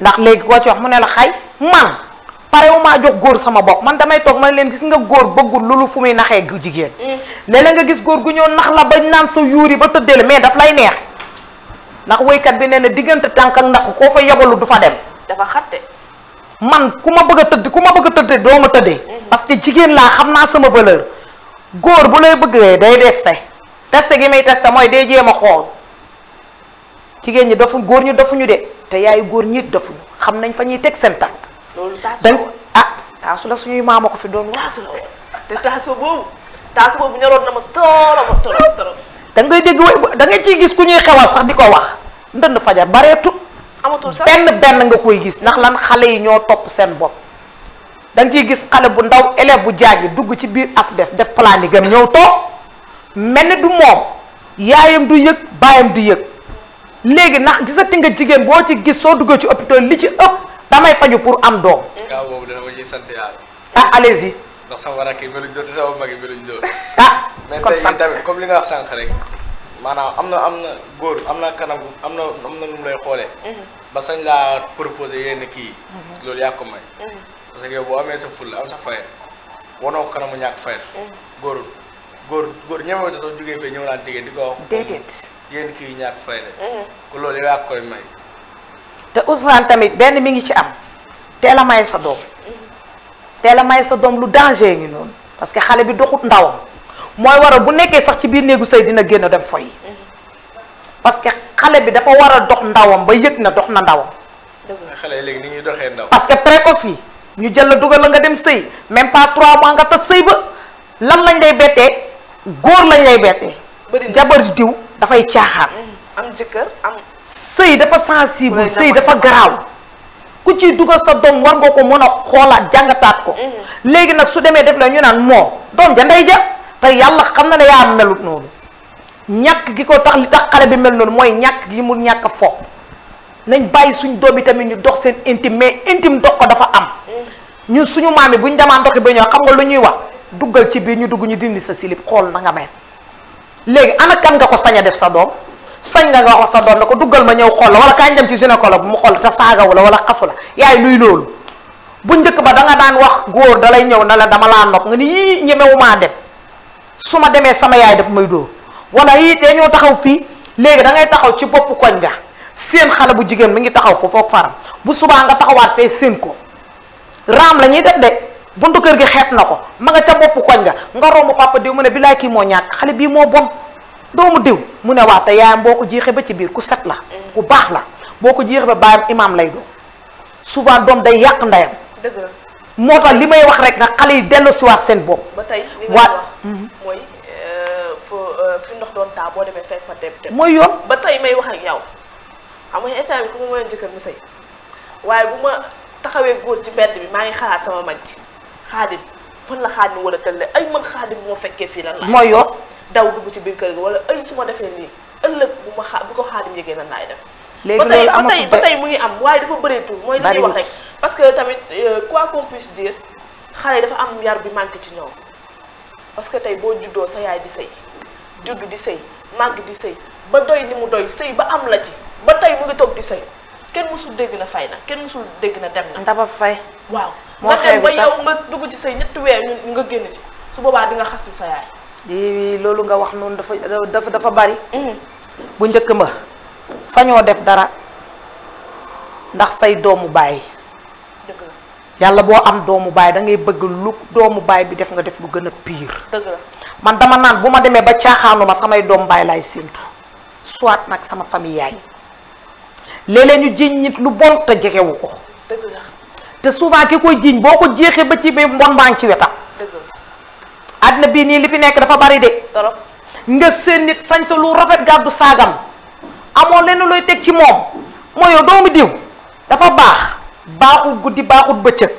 Speaker 3: ndax léegi ko ci wax mu ne la xay man. parewu maa jox góor sama bopp man damay toog man leen gis nga góor bëggul loolu fu muy naxee gu jigéen léeg mm. la nga gis góor gu ñëw nax la ba naan sa yuuri ba tëddee mais daf lay neex ndax woykat bi nee na diggante tànk ak ndax koo fa yebalu du fa dem dafa xatte man ku ma bëgg a tëdd ku ma bëgg a tëdd doo ma tëddee mm. parce que jigéen laa xam naa sama valeur góor bu lay bëggee day testé testé gi muy testé mooy day jéem a xool jigéen ñi dafu góor ñu dafuñu de te yaayu góor ñi dafuñu xam nañ fa ñuy teg seen tànk loolu taasu la ah. suñuy maama ko fi doon woon. la
Speaker 1: te taasu boobu taasu boobu
Speaker 3: ñoroon na ma torop da ngay way da ngay gis ku ñuy xewal sax di wax ndënd fajar baretu, amatul sax benn benn nga koy gis ndax lan xale yi ñoo topp seen bopp. da gis bu ndaw élève bu dugg ci biir asbes def planigam ñëw toog mel ni du moom yaayam du yëg baayam du yëg léegi ndax gisati nga jigéen boo ci gis soo ci hôpital li ci ëpp. damay faju pour am doom.
Speaker 4: waaw boobu dana ma ciy sant yàlla. ah allez-y. ndax sama rakk yi meluñ doon te ma mag yi meluñ doo ah kon sant mais comme li nga wax sànq rek maanaam am na am na góor am na kanam am na am na nu mu lay xoolee. Mhm. ba sañ laa proposé yenn kii. Mhm. loolu yaa ko may. Mhm. parce que yow boo amee sa ful am sa fayal wanoo ko kanamu ñàkk fayal. góorul góor góor ñemewul sax jógee fee ñëw naan jigéen di ko wax. déedéet yenn kii yi ñàkk fayal. ku loolu yaa koy may.
Speaker 3: te Ousmane tamit benn mi ngi ci am teel a may sa doom teel a may sa doom lu danger ngi noonu parce que xale bi doxut ndawam mooy waral bu nekkee sax ci biir néegu sëy dina génn dem foy parce que xale bi dafa war a dox ndawam ba yëg na dox na ndawam.
Speaker 4: xale yi léegi ni doxee ndaw. parce
Speaker 3: que précoce yi ñu jël la dugal la nga dem sëy même pas trois mois nga tas sëy ba lan lañ day bettee góor lañ lay bettee. jabar diw dafay caaxaar
Speaker 1: am jëkkër am.
Speaker 3: sëy dafa sensible sëy dafa garaaw ku ci dugal sa doom war nga ko mën a xoolaat jàngataat ko mhm. léegi nag su demee def la ñu naan moo doom ja ndey ja te yàlla xam na ne yaa melut noonu ñàkk gi ko tax li tax xale bi mel noonu mooy ñàkk gi mu ñàkk fo nañ bàyyi suñ doom yi tamit ñu dox seen intime mais intime dox ko dafa am mhm. ñun suñu maam yi buñ demaan doxi ba ñëw xam nga lu ñuy wax dugal ci biir ñu dugg ñu dindi sa silib xool nanga nga mel léegi ana kan nga ko sañ a def sa doom sañ nga nga wax sa doon na ko duggal ma ñew xol wala kañ dem ci gynécologue mu xol ta saga wala wala xasu la yaay luy lool bu ñëk ba da nga daan wax goor da lay na la dama la nopp nga ni yii dem suma démé sama yaay daf may wala yi dee ñoo taxaw fi légui da ngay taxaw ci bop koñ nga seen xala bu jigéen mi ngi taxaw ak faram bu suba nga taxawat fe seen ko ram la ñuy def de buntu kër gi xeet nako ma nga ca bop koñ nga nga romu papa diw mu ne ki mo xali bi mo bon doomu diw mu ne waa te yaayam boo ko ba ci bir ku set la ku bax la boko jexé ba baayam imam lay do souvent dom day yak ndayam deug la moo tax wax rek na xali delu ci wat sen bop
Speaker 1: ba tay li nga wax mooy fu fi ndox don ta bo demé fek fa dem dem moy yoon ba tay may wax ak yaw xam nga état bi ku mo mën jëkkal jëkkër mu sëy waye buma taxawé góor ci mbedd bi ma ngi xalaat sama mag ji xaadim fan la xaadim wala a tëlle ay man xaadim mo fekke fi lan la moy yoon daw dugg ci biir kër gi wala ay su ma defee nii ëllëg bu ma xa bu ko xaadim yëgee nan laay def
Speaker 2: léegi loolu ba tey ba tey
Speaker 1: mu ngi am waaye dafa bëreetul mooy li ñuy wax parce que tamit euh, quoi qu'on puisse xale yi dafa am yar bi manqué ci ñëw ñoom parce que tey boo juddoo sa yaay di sëy juddu di sëy màgg di sëy ba doy ni mu doy sëy ba am la ci ba tey mu ngi toog di sëy kenn mësul dégg na fay na kenn mësul
Speaker 3: dégg na dem na ndaba fay
Speaker 1: waaw moo dem ma yow nga dugg ci sëy ñetti weer ñu nga génn ci boobaa di nga xastul sa yaay
Speaker 3: loolu nga wax noonu dafa dafa dafa bari. Mm. bu njëkk ma sañoo def dara ndax say doomu baay. yàlla boo am doomu baay da ngay bëgg lu doomu baay bi def nga def lu gën a piir dëgg la man dama naan bu ma demee ba ma samay doomu baay laay séentu soit nag sama famille yaay léeg ñu jiñ nit lu bon te jegewu ko. te souvent ki koy jiñ boo ko jeexee ba ci ba mbon baa ngi ci wetam. àddina bii nii li fi nekk dafa bari de. nga seen nit sañ sa lu rafet gàddu saagam amoo lenn looy teg ci moom mooy yow doomu diw dafa baax baaxul guddi baaxul bëccëg.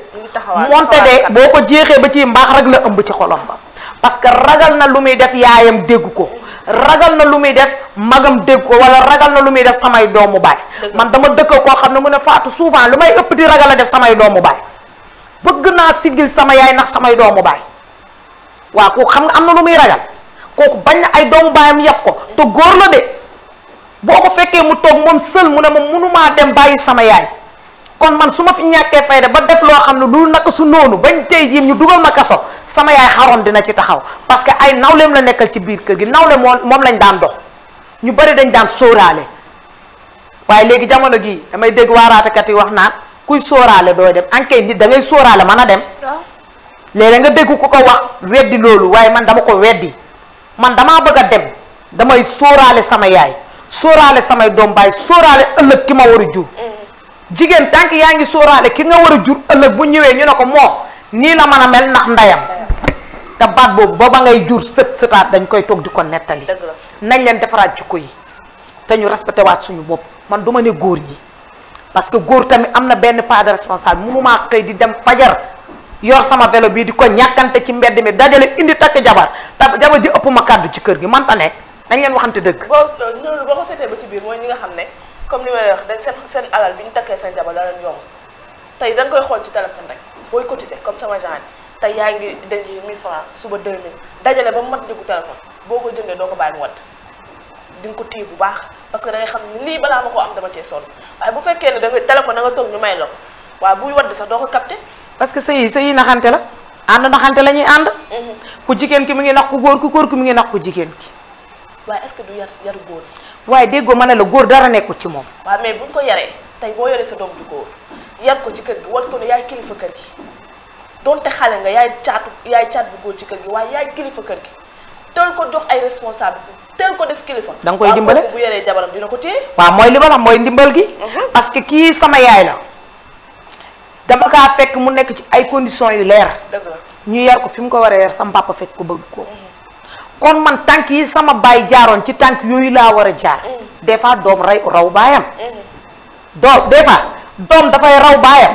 Speaker 1: moonte de
Speaker 3: boo ko jeexee ba ci mbaax rek la ëmb ci xolam ba. parce que ragal na lu muy def yaayam dégg ko ragal na lu muy def magam dégg ko wala ragal na lu muy def samay doomu baay. man dama dëkk koo xam ne mu ne faatu souvent lu may ëpp di ragal a def samay doomu baay bëgg naa sigil sama yaay ndax samay doomu baay. waaw kooku xam nga am na lu muy ragal kooku bañ na ay doomu baayam yàpp ko te góor la de boo ko fekkee mu toog moom sël mu ne ma mënumaa dem bàyyi sama yaay kon man su ma fi ñàkkee fayda ba def loo xam ne lu naka su noonu bañ tey jii ñu dugal ma kaso sama yaay xaroon dina ci taxaw parce que ay nawleem la nekkal ci biir kër gi nawle moo moom lañ daan dox ñu bari dañ daan sóoraale waaye léegi jamono gii damay dégg waaraatekat yi wax naan kuy sóoraale dooy dem ankay nit da ngay sóoraale mën a dem léeg nga dégg ko ko wax weddi loolu waaye man dama ko weddi man damaa bëgg a dem damay sóoraale sama yaay sóoraale samay doom baay sóoraale ëllëg ki ma war a jur mm. jigéen tànk yaa ngi sóoraale ki nga war a jur ëllëg bu ñëwee ñu ne ko moo nii la man a mel ndax ndayam te baat boobu ba ngay jur sët sëtaat dañ koy toog di ko nettali nañ leen defaraat jikko yi te ñu respecté waat suñu bopp man du ma ne góor ñi parce que góor tamit am na benn part de responsable mënumaa xëy di dem fajar yor sama vélo bii di ko ñàkkante ci mbedd mi dajale indi takk jabar ta jabar ji ëpp ma kàddu ci kër gi man ta nekk dañ leen waxante dëgg. boo
Speaker 1: loolu boo ko seetee ba ci biir mooy ñi nga xam ne comme li ma leen wax bi ñu takkee seen jabar la leen yomb tey koy xool ci téléphone rek booy cotiser comme sama genre tey yaa ngi dañuy 1000 francs suba dajale ba mu mat diggu téléphone boo ko jëndee doo ko bàyyi mu wadd di bu baax parce que da xam ne lii balaa ma koo am dama cee waaye bu fekkee ne da nga téléphone da nga toog ñu may la
Speaker 3: waaye buy wadd sax doo ko capté parce que sëy sëy naxante la ànd naxante la ñuy ànd. Mm-hmm. ku jigéen ki mu ngi nax ku góor ku góor ki mu ngi nax ku jigéen ki.
Speaker 1: waaye est-ce que du yar yar góor.
Speaker 3: waaye déggoo ma ne la góor dara nekkul ci moom.
Speaker 1: waaw mais buñ ko yaree tey boo yoree sa doom ju góor yar ko ci kër gi wan ko yaay kilifa kër gi donte xale nga yaay caatu yaay caat bu góor ci kër gi waaye yaay kilifa kër gi teel ko jox ay responsabilité teel ko def kilifa. da koy dimbale bu yoree jabaram dina ko téye.
Speaker 3: waaw mooy li ma la mooy ndimbal gi. Mm-hmm. parce que kii sama yaay la. dama kaa fekk mu nekk ci ay conditions yu leer. ñu yar ko fi mu ko war a yar sama papa fekk ko bëgg ko. kon man tànk yi sama baay jaaroon ci tànk yooyu laa war a jaar. Mm. des fois doom rey raw baayam. Mm. doom des fois doom dafay raw baayam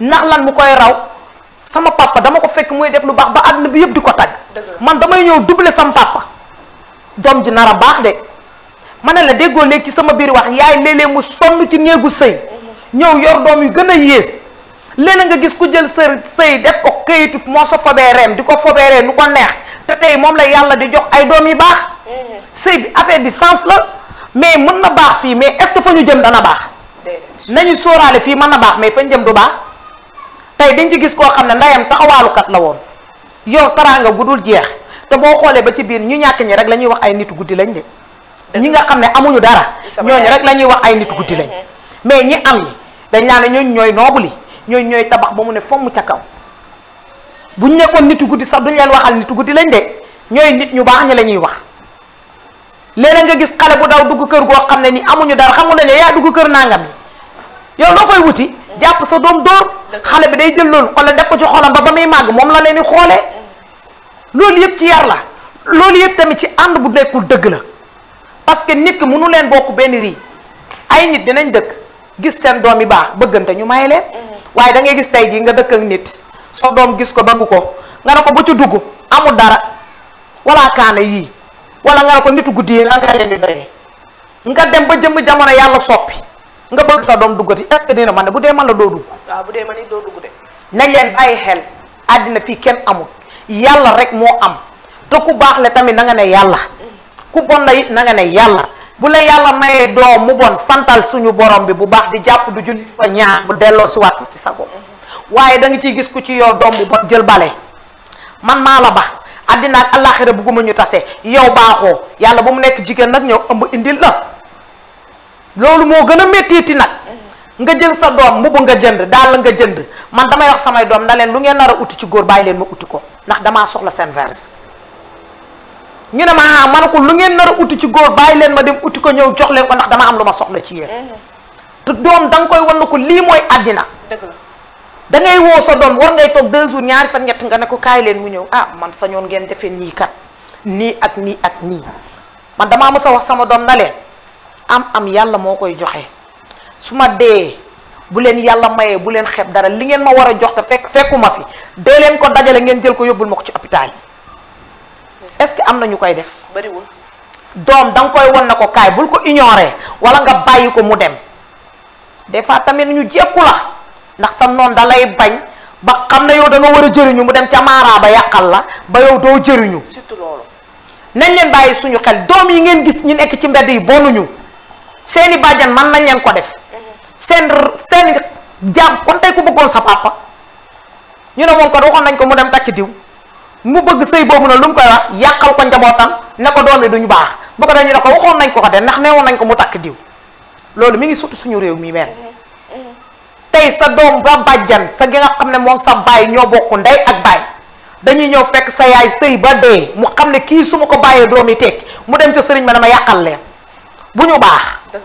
Speaker 3: ndax lan mu koy raw sama papa dama ko fekk muy def lu baax ba àdduna bi yëpp di ko tagg. man damay ñëw doubler sama papa. doom ji nar a baax de ma ne la déggoo léegi ci sama biir wax yaay léeg-léeg mu sonn ci néegu sëy. ñëw yor doom yu gën a yées léeg nga gis ku jël sa sëy def ko këyitu moo sa fobeereem di ko fobeeree nu ko neex te tey moom la yàlla di jox ay doom yu baax. sëy bi affaire bi sens la mais mën na baax fii mais est-ce fa ñu jëm dana baax. nañu sóoraale fii mën na baax mais fa ñu jëm du baax tey dañ ci gis koo xam ne ndeyam taxawaalukat la woon yor taraanga gu dul jeex te boo xoolee ba ci biir ñu ñàkk ñi rek la ñuy wax ay nit guddi lañ de. ñi nga xam ne amuñu dara. ñooñu rek la ñuy wax ay nit guddi lañ mmh. mais ñi am ñi dañ laa ne ñooñu ñooy noobuli ñooñu ñooy tabax ba mu ne fomm ca kaw buñ nekkoon nitu guddi sax duñ leen waxal nitu guddi lañ de ñooy nit ñu baax ñi la ñuy wax léeg nga gis xale bu daw dugg kër goo xam ne ni amuñu dara xam nga ne yaa dugg kër nangam yi yow noo wuti jàpp sa doom dóor xale bi day jël loolu wala def ko ci xolam ba ba muy màgg moom la leen di loolu yëpp ci yar la loolu yëpp tamit ci ànd bu nekkul dëgg la parce que nit ki mënu leen bokk benn rii ay nit dinañ dëkk gis sen ba, yi maile, bëggante ñu may leen mm-hmm. waye da ngay gis tay ji nga dekk ak nit so doom gis ko bëgg ko nga nako bu ci dugg amu dara wala kaana yi wala nga nako nitu guddi yi nga leen di doy nga dem ba jëm jamono yalla soppi nga bëgg sa doom duggati est-ce dina man bu dé man la do dugg
Speaker 1: wa bu dé man do dugg dé
Speaker 3: nañ leen xel adina fi kenn amu yalla rek mo am te ku baax le tamit na nga ne yalla mm-hmm. ku bon na nga ne yalla bu la yàlla mayee doom mu bon santal suñu borom bi bu baax di jàpp du jullit fa ñaar mu delloo si waat ci sago waaye da nga ciy gis ku ci yow doom bu bon jël bale man maa la ba àddina ak àllaaxira bugguma ñu tasee yow baaxoo yàlla bu mu nekk jigéen nag ñëw ëmb indil la loolu moo gën a méttiiti nag nga jël sa doom mbubb nga jënd daal la nga jënd man damay wax samay doom na leen lu ngeen nara a uti ci góor bàyyi leen ma uti ko ndax damaa soxla seen verse ñu ne ma ah man ko lu ngeen nar a uti ci góor bàyyi leen ma dem uti ko ñëw jox leen ko ndax dama am lu ma soxla ci yéen. Mhm. te doom da nga koy wan na ko lii mooy àddina. da ngay woo sa doom war ngay toog deux jours ñaari fan ñett nga ne ko kaay leen mu ñëw ah man fa ñoon ngeen defee nii kat nii ak nii ak nii man dama mës a wax sama doom na leen am am yàlla moo koy joxe su ma dee bu leen yàlla mayee bu leen xeeb dara li ngeen ma war a jox te fekk fekkuma ma leen ko dajale ngeen jël ko yóbbul ma ko ci hôpital yi. est-ce amna ñukoy def. bari wul Dom, dang koy won nako kay bul ko ignorer wala nga bayiko mu dem des fois tamit ñu jékku la ndax sa non da lay bañ ba xamna yow da nga wara jëriñu mu dem ci mara ba yakal la ba yow do jëriñu. surtout lolu nañ leen bayyi suñu xel dom yi ngeen gis ñu nekk ci mbedd yi bonuñu seeni badjan man nañ leen ko def. Sen, sen, jam kon tay ku bëggoon sa papa ñu ne moom ko waxon nañ ko mu dem takki diw mu bëgg sey bobu na lu ko koy wax yàqal ko njabotam ne ko doom duñu bax bu ko dañu ne ko waxon nañ ko ko de ndax neewon nañ ko mu tak diw loolu mi ngi sutu suñu rew mi mel tay sa doom ba bajjan sa gi nga xamne mo sa bay ño bokku nday ak bay dañuy ñëw fekk sa yaay sey ba de mu xamne ki suma ko baye doomi tek mu dem ci serigne ma dama yàqal leen bu ñu baax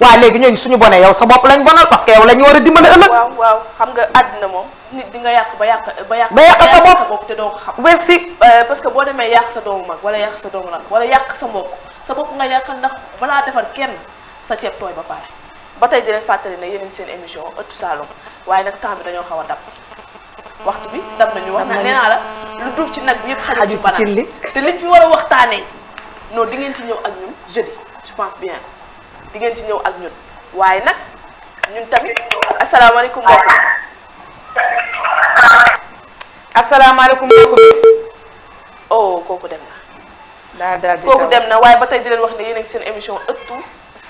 Speaker 3: waaye léegi suñu boné yow sa bop lañ bonal parce que yow lañ wara dimbalé ëlëk dimbale ëllëg
Speaker 1: waaw waaw xam nga adina mom nit di nga yàq ba yàq. ba yàq sa bopp ba yàq sa bopp te doo xam. merci euh, parce que boo demee yàq sa doomu mag wala yàq sa doomu rak wala yàq sa mbokk sa bopp nga yàq ndax balaa defar kenn sa ceeb tooy ba pare. ba tey di fàttali ne yéen seen émission ëttu Saloum waaye nag temps bi dañoo xaw a dab waxtu bi dab nañu wax naa nee naa la lu duuf ci nag bi yëpp xajul ci banaan li te liñ fi war a waxtaanee non di ngeen ci ñëw ak ñun jeudi je pense bien di ngeen ci ñëw ak ñun waaye nag ñun tamit asalaamaaleykum mbokk asalaamaaleykum kooku oh kooku dem na. daa daal di kooku dem na waaye ba tey di leen wax ne yéen seen émission ëttu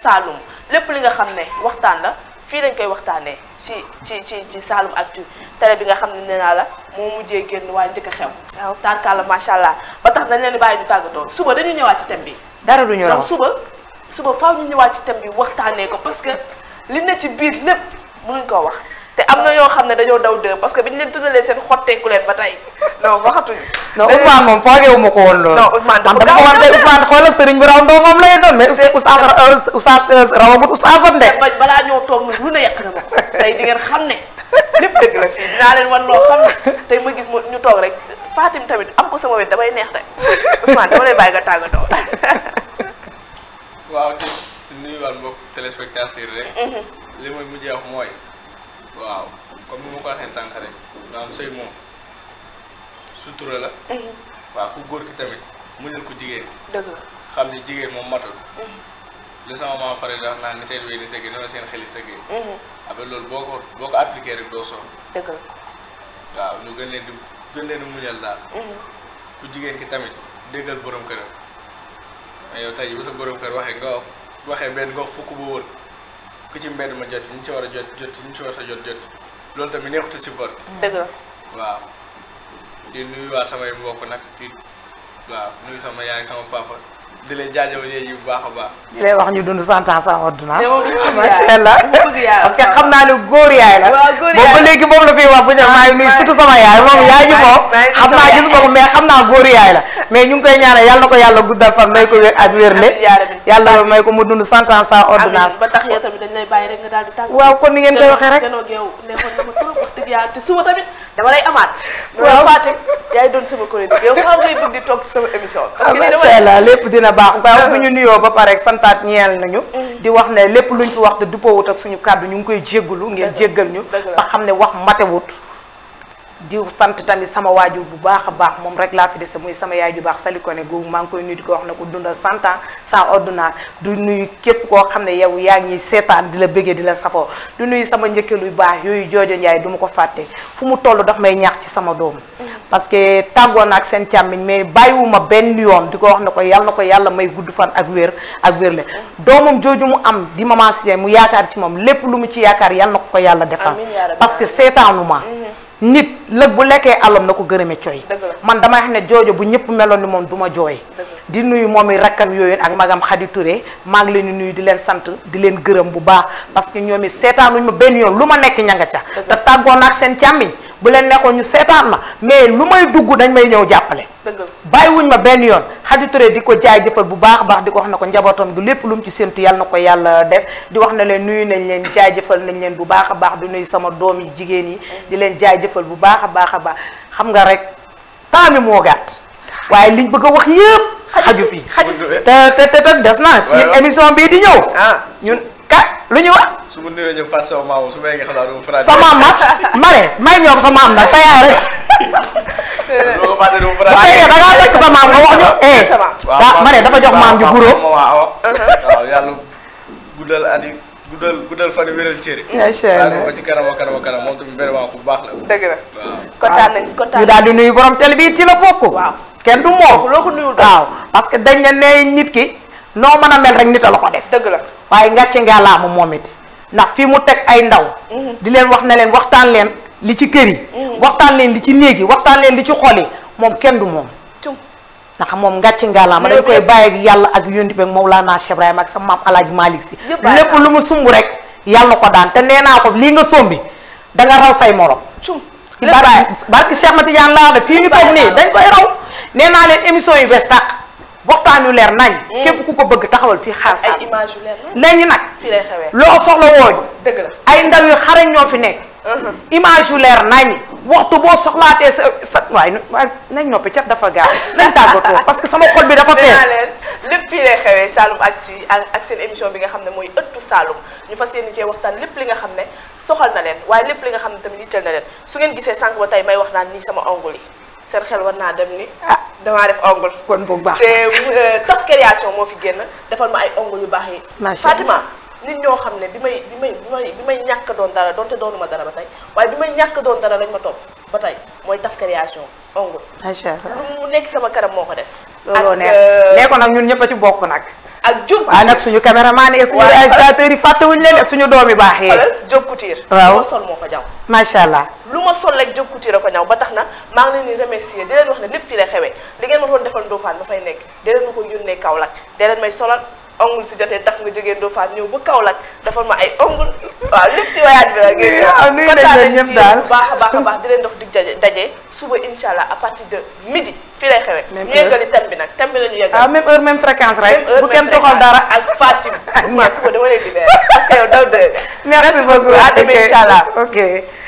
Speaker 1: Saloum lépp li nga xam ne waxtaan la fii lañ koy waxtaanee ci ci ci ci Saloum Actu télé bi nga xam ne nee naa la moo mujjee génn waaye njëkk a xew. waaw tànkaala macha allah ba tax na leen di bàyyi ñu tàggatoo suba dañu ñëwaat ci thème bi.
Speaker 3: dara du ñu raw suba
Speaker 1: suba faaw ñu ñëwaat ci thème bi waxtaanee ko parce que li ne ci biir lépp mënuñ koo wax. te am na ñoo xam ne dañoo daw dër parce que ba ñu leen tuddalee seen xotteeku leen ba tey non waxatuñu.
Speaker 3: non Ousmane moom foogeewu ma ko woon loolu. non
Speaker 1: Ousmane dafa gaaw a ñëw Ousmane
Speaker 3: xoolal sëriñ bi raw ndoo moom euh,
Speaker 1: euh, lu ne yàq na ma tey di ngeen xam ne lépp dëgg la fii dinaa leen ma gis ma ñu toog rek faatim tamit am ko sama wet damay neex rek Ousmane dama lay bàyyi nga tàggatoo.
Speaker 4: waaw di nuyuwaat mbokk waaw comme ni ma ko waxee sànq rek maanaam sëy moom sutura la. Mhm. waaw ku góor ki tamit muñal ko jigéen. dëgg la xam ni jigéen moom matul. Mhm. li sama maam faral di ni seen wéy sëggee noonu seen xeli sëggee. Mhm. après loolu boo ko boo ko appliqué rek doo sonn. dëgg la waaw ñu gën leen di gën leen di muñal daal. ku jigéen ki tamit déggal borom këram. mais yow tey bu sa borom kër waxee nga waxee benn nga wax fukk bu wër. ku ci mbedd ma jot ñu ci war a jot jot ñu ci a jot jot loolu tamit neexut a supporté. Mm. dëgg la waaw. waa samay mbokk nag ci waaw nuyu sama yaay sama papa. di leen jaajëfal yéen ñi bu baax a baax. di leen wax ñu dund cent a sans ordonnance. macha allah parce que xam naa ne góor
Speaker 3: yaay la. waaw góor yaay la ba léegi moom la fiy wax bu ñu maa ngi nuyu surtout sama yaay moom yaay ji moom. xam naa gis nga ko mais xam naa góor yaay la. mais ñu ngi koy ñaanal yàlla na ko yàlla guddal fan may ko wér ak wérle. yàlla may ko mu dund cent ans sans
Speaker 1: waaw kon ni ngeen koy rek. yaa te suba tamit dama lay amaat. waaw Fatick yaay doon sama chronique yow faaw ngay bëgg di toog sama émission. parce que ah, incha allah
Speaker 3: lépp dina baax. Ah. waaw bu ñu nuyoo ba pare santaat ñeel nañu. Mm-hmm. di wax ne lépp luñ fi wax de duppawut ak suñu kàddu ñu ngi koy jégalu ngeen jéggal ñu. ba xam ne wax matewut diw sant tamit sama waajur bu baax a baax moom rek laa fi dese muy sama yaay bu baax salikone googu maa ngi koy nuyu di ko wax ne ko dundal cent ans sans du nuyu képp koo xam ne yow yaa ngi seetaan di la bëggee di la safoo du nuyu sama njëkkee luy baax yooyu joojo njaay du ma ko fàtte fu mu toll daf may ñaax ci sama doom parce que tàggoo na ak seen càmmiñ mais bàyyiwuma benn yoon di ko wax ne ko yàlla na ko yàlla may gudd fan ak wér ak wér le doomam jooju mu am di maman Cissé mu yaakaar ci moom lépp lu mu ci yaakaar yàlla na ko ko yàlla defal parce nit lëg bu lekkee aloom na ko gërëme coy man damay xam ne joojo bu ñëpp meloon ni moom duma ma jooy di nuyu moom i rakkam yooyu ak magam Khady Touré maa ngi leen di nuyu di leen sant di leen gërëm bu baax parce que ñoom it seetaanuñ ma benn yoon lu ma nekk ña nga ca te tàggoon ak seen càmmiñ bu leen nekkoon ñu seetaan ma mais lu may dugg dañ may ñëw jàppale bàyyiwuñ ma benn yoon Khady di ko jaay jëfal bu baax baax di ko wax na ko njabootam gi lépp lu mu ci séntu yàlla na ko yàlla def di wax na leen nuyu nañ leen jaay jëfal nañ leen bu baax a baax di nuyu sama doom jigéen yi di leen jaay jëfal bu baax a baax a baax xam nga rek temps moo gàtt waye liñ bëgg wax yépp xaju fi ta ta ta ta das na ci émission bi di ñëw
Speaker 4: ñun ka lu ñu wax suma ma ñu fa Fatou Sow maamu su ma yeggee xalaat du ma sama am nag
Speaker 3: mare may ñoo sama am nag sa yaay rek
Speaker 4: bu da nga wax ñu eh daa mare dafa jox maam ju guro waaw yàlla guddal adi guddal guddal fan wéral cëri macha ya, ko ci kanam kanam kanam moom tamit vraiment ku baax la
Speaker 3: dëgg la kontaan nañ kontaan ñu daal di nuyu borom télé bi la waaw kenn du moom loo ko nuyul waaw parce que dañ ne nee nit ki noo mën a mel rek nit a la ko def. dëgg la waaye ngàcce ngalaama moom it ndax fi mu teg ay ndaw. Mhm. di leen wax ne leen waxtaan leen li ci kër yi. Mhm. waxtaan leen li ci néeg waxtaan leen li ci xol yi moom kenn du moom. ndax moom ngàcce ngalaama dañ koy bàyyi ak yàlla ak yónni beeg Mawlana Cheikh Ibrahima ak sa maam El Hadj Malick si. lépp lu mu sumb rek yàlla ko daan te nee naa ko lii nga sombi danga nga raw say morom. ci barki Cheikh Mati Diagne nee naa leen émission yu bees tàq waxtaan yu leer nañ. Eh. képp ku ko bëgg taxawal fii xaar ay
Speaker 1: image yu leer nañ nag. fii lay xewee loo soxla wooñ dëgg la
Speaker 3: ay ndaw yu xarañ ñoo fi nekk.
Speaker 1: Uh-huh. image yu leer nañ
Speaker 3: waxtu boo soxlaatee sa sa waay nañ noppi cat dafa gaaw nañ parce que sama xol bi dafa fees
Speaker 1: lépp fii lay xewee Saloum ak seen émission bi nga xam ne mooy ëttu Saloum ñu fas yéene cee waxtaan lépp li nga xam ne soxal na leen waaye lépp li nga xam ne tamit yitteel na leen su ngeen gisee sànq tey may wax naan nii sama ongle yi seen xel war naa dem ni ah damaa def ongle. kon bu baax te euh, top création moo fi génn defal ma ay ongle yu baax yi. macha allah nit ñoo xam ne bi may bi may bi may bi ñàkk doon dara donte doonu ma dara ba tey waaye bi may ñàkk doon dara lañ ma topp ba tey mooy taf création ongle.
Speaker 3: macha allah
Speaker 1: mu nekk sama karam moo ko def.
Speaker 3: looloo neex euh, nee ko nag ñun ñëpp a ci bokk nag. ak Diop Couture nag suñu caméraman yi suñu réalisateurs yi fàttewuñu leen suñu doom yi baax yi. xoolal
Speaker 1: Diop Couture. sol moo ko jaw macha allah lu ma sol rek Diop Couture a ko ñaw ba tax na maa ngi leen di remercier di wax ne lépp fii lay xewee li ngeen ma doon defal Ndofane ba fay nekk di leen ma ko yónnee Kaolack di leen may solal ongul si jotee taf nga jógee Ndofane ñëw ba Kaolack dafa ma ay ongul waaw lépp ci wayaat bi la ngeen waaw nuyu nañ leen baax a baax a baax di leen dox dig daje suba insha allah à partir de midi fii lay xewee ñu yeggali thème bi nag thème bi la ñu yeggal ah, même heure
Speaker 3: même rek bu kenn toxal dara ak
Speaker 1: Fatim Ousmane suba dama leen di leer que yow merci beaucoup à demain insha allah
Speaker 3: ok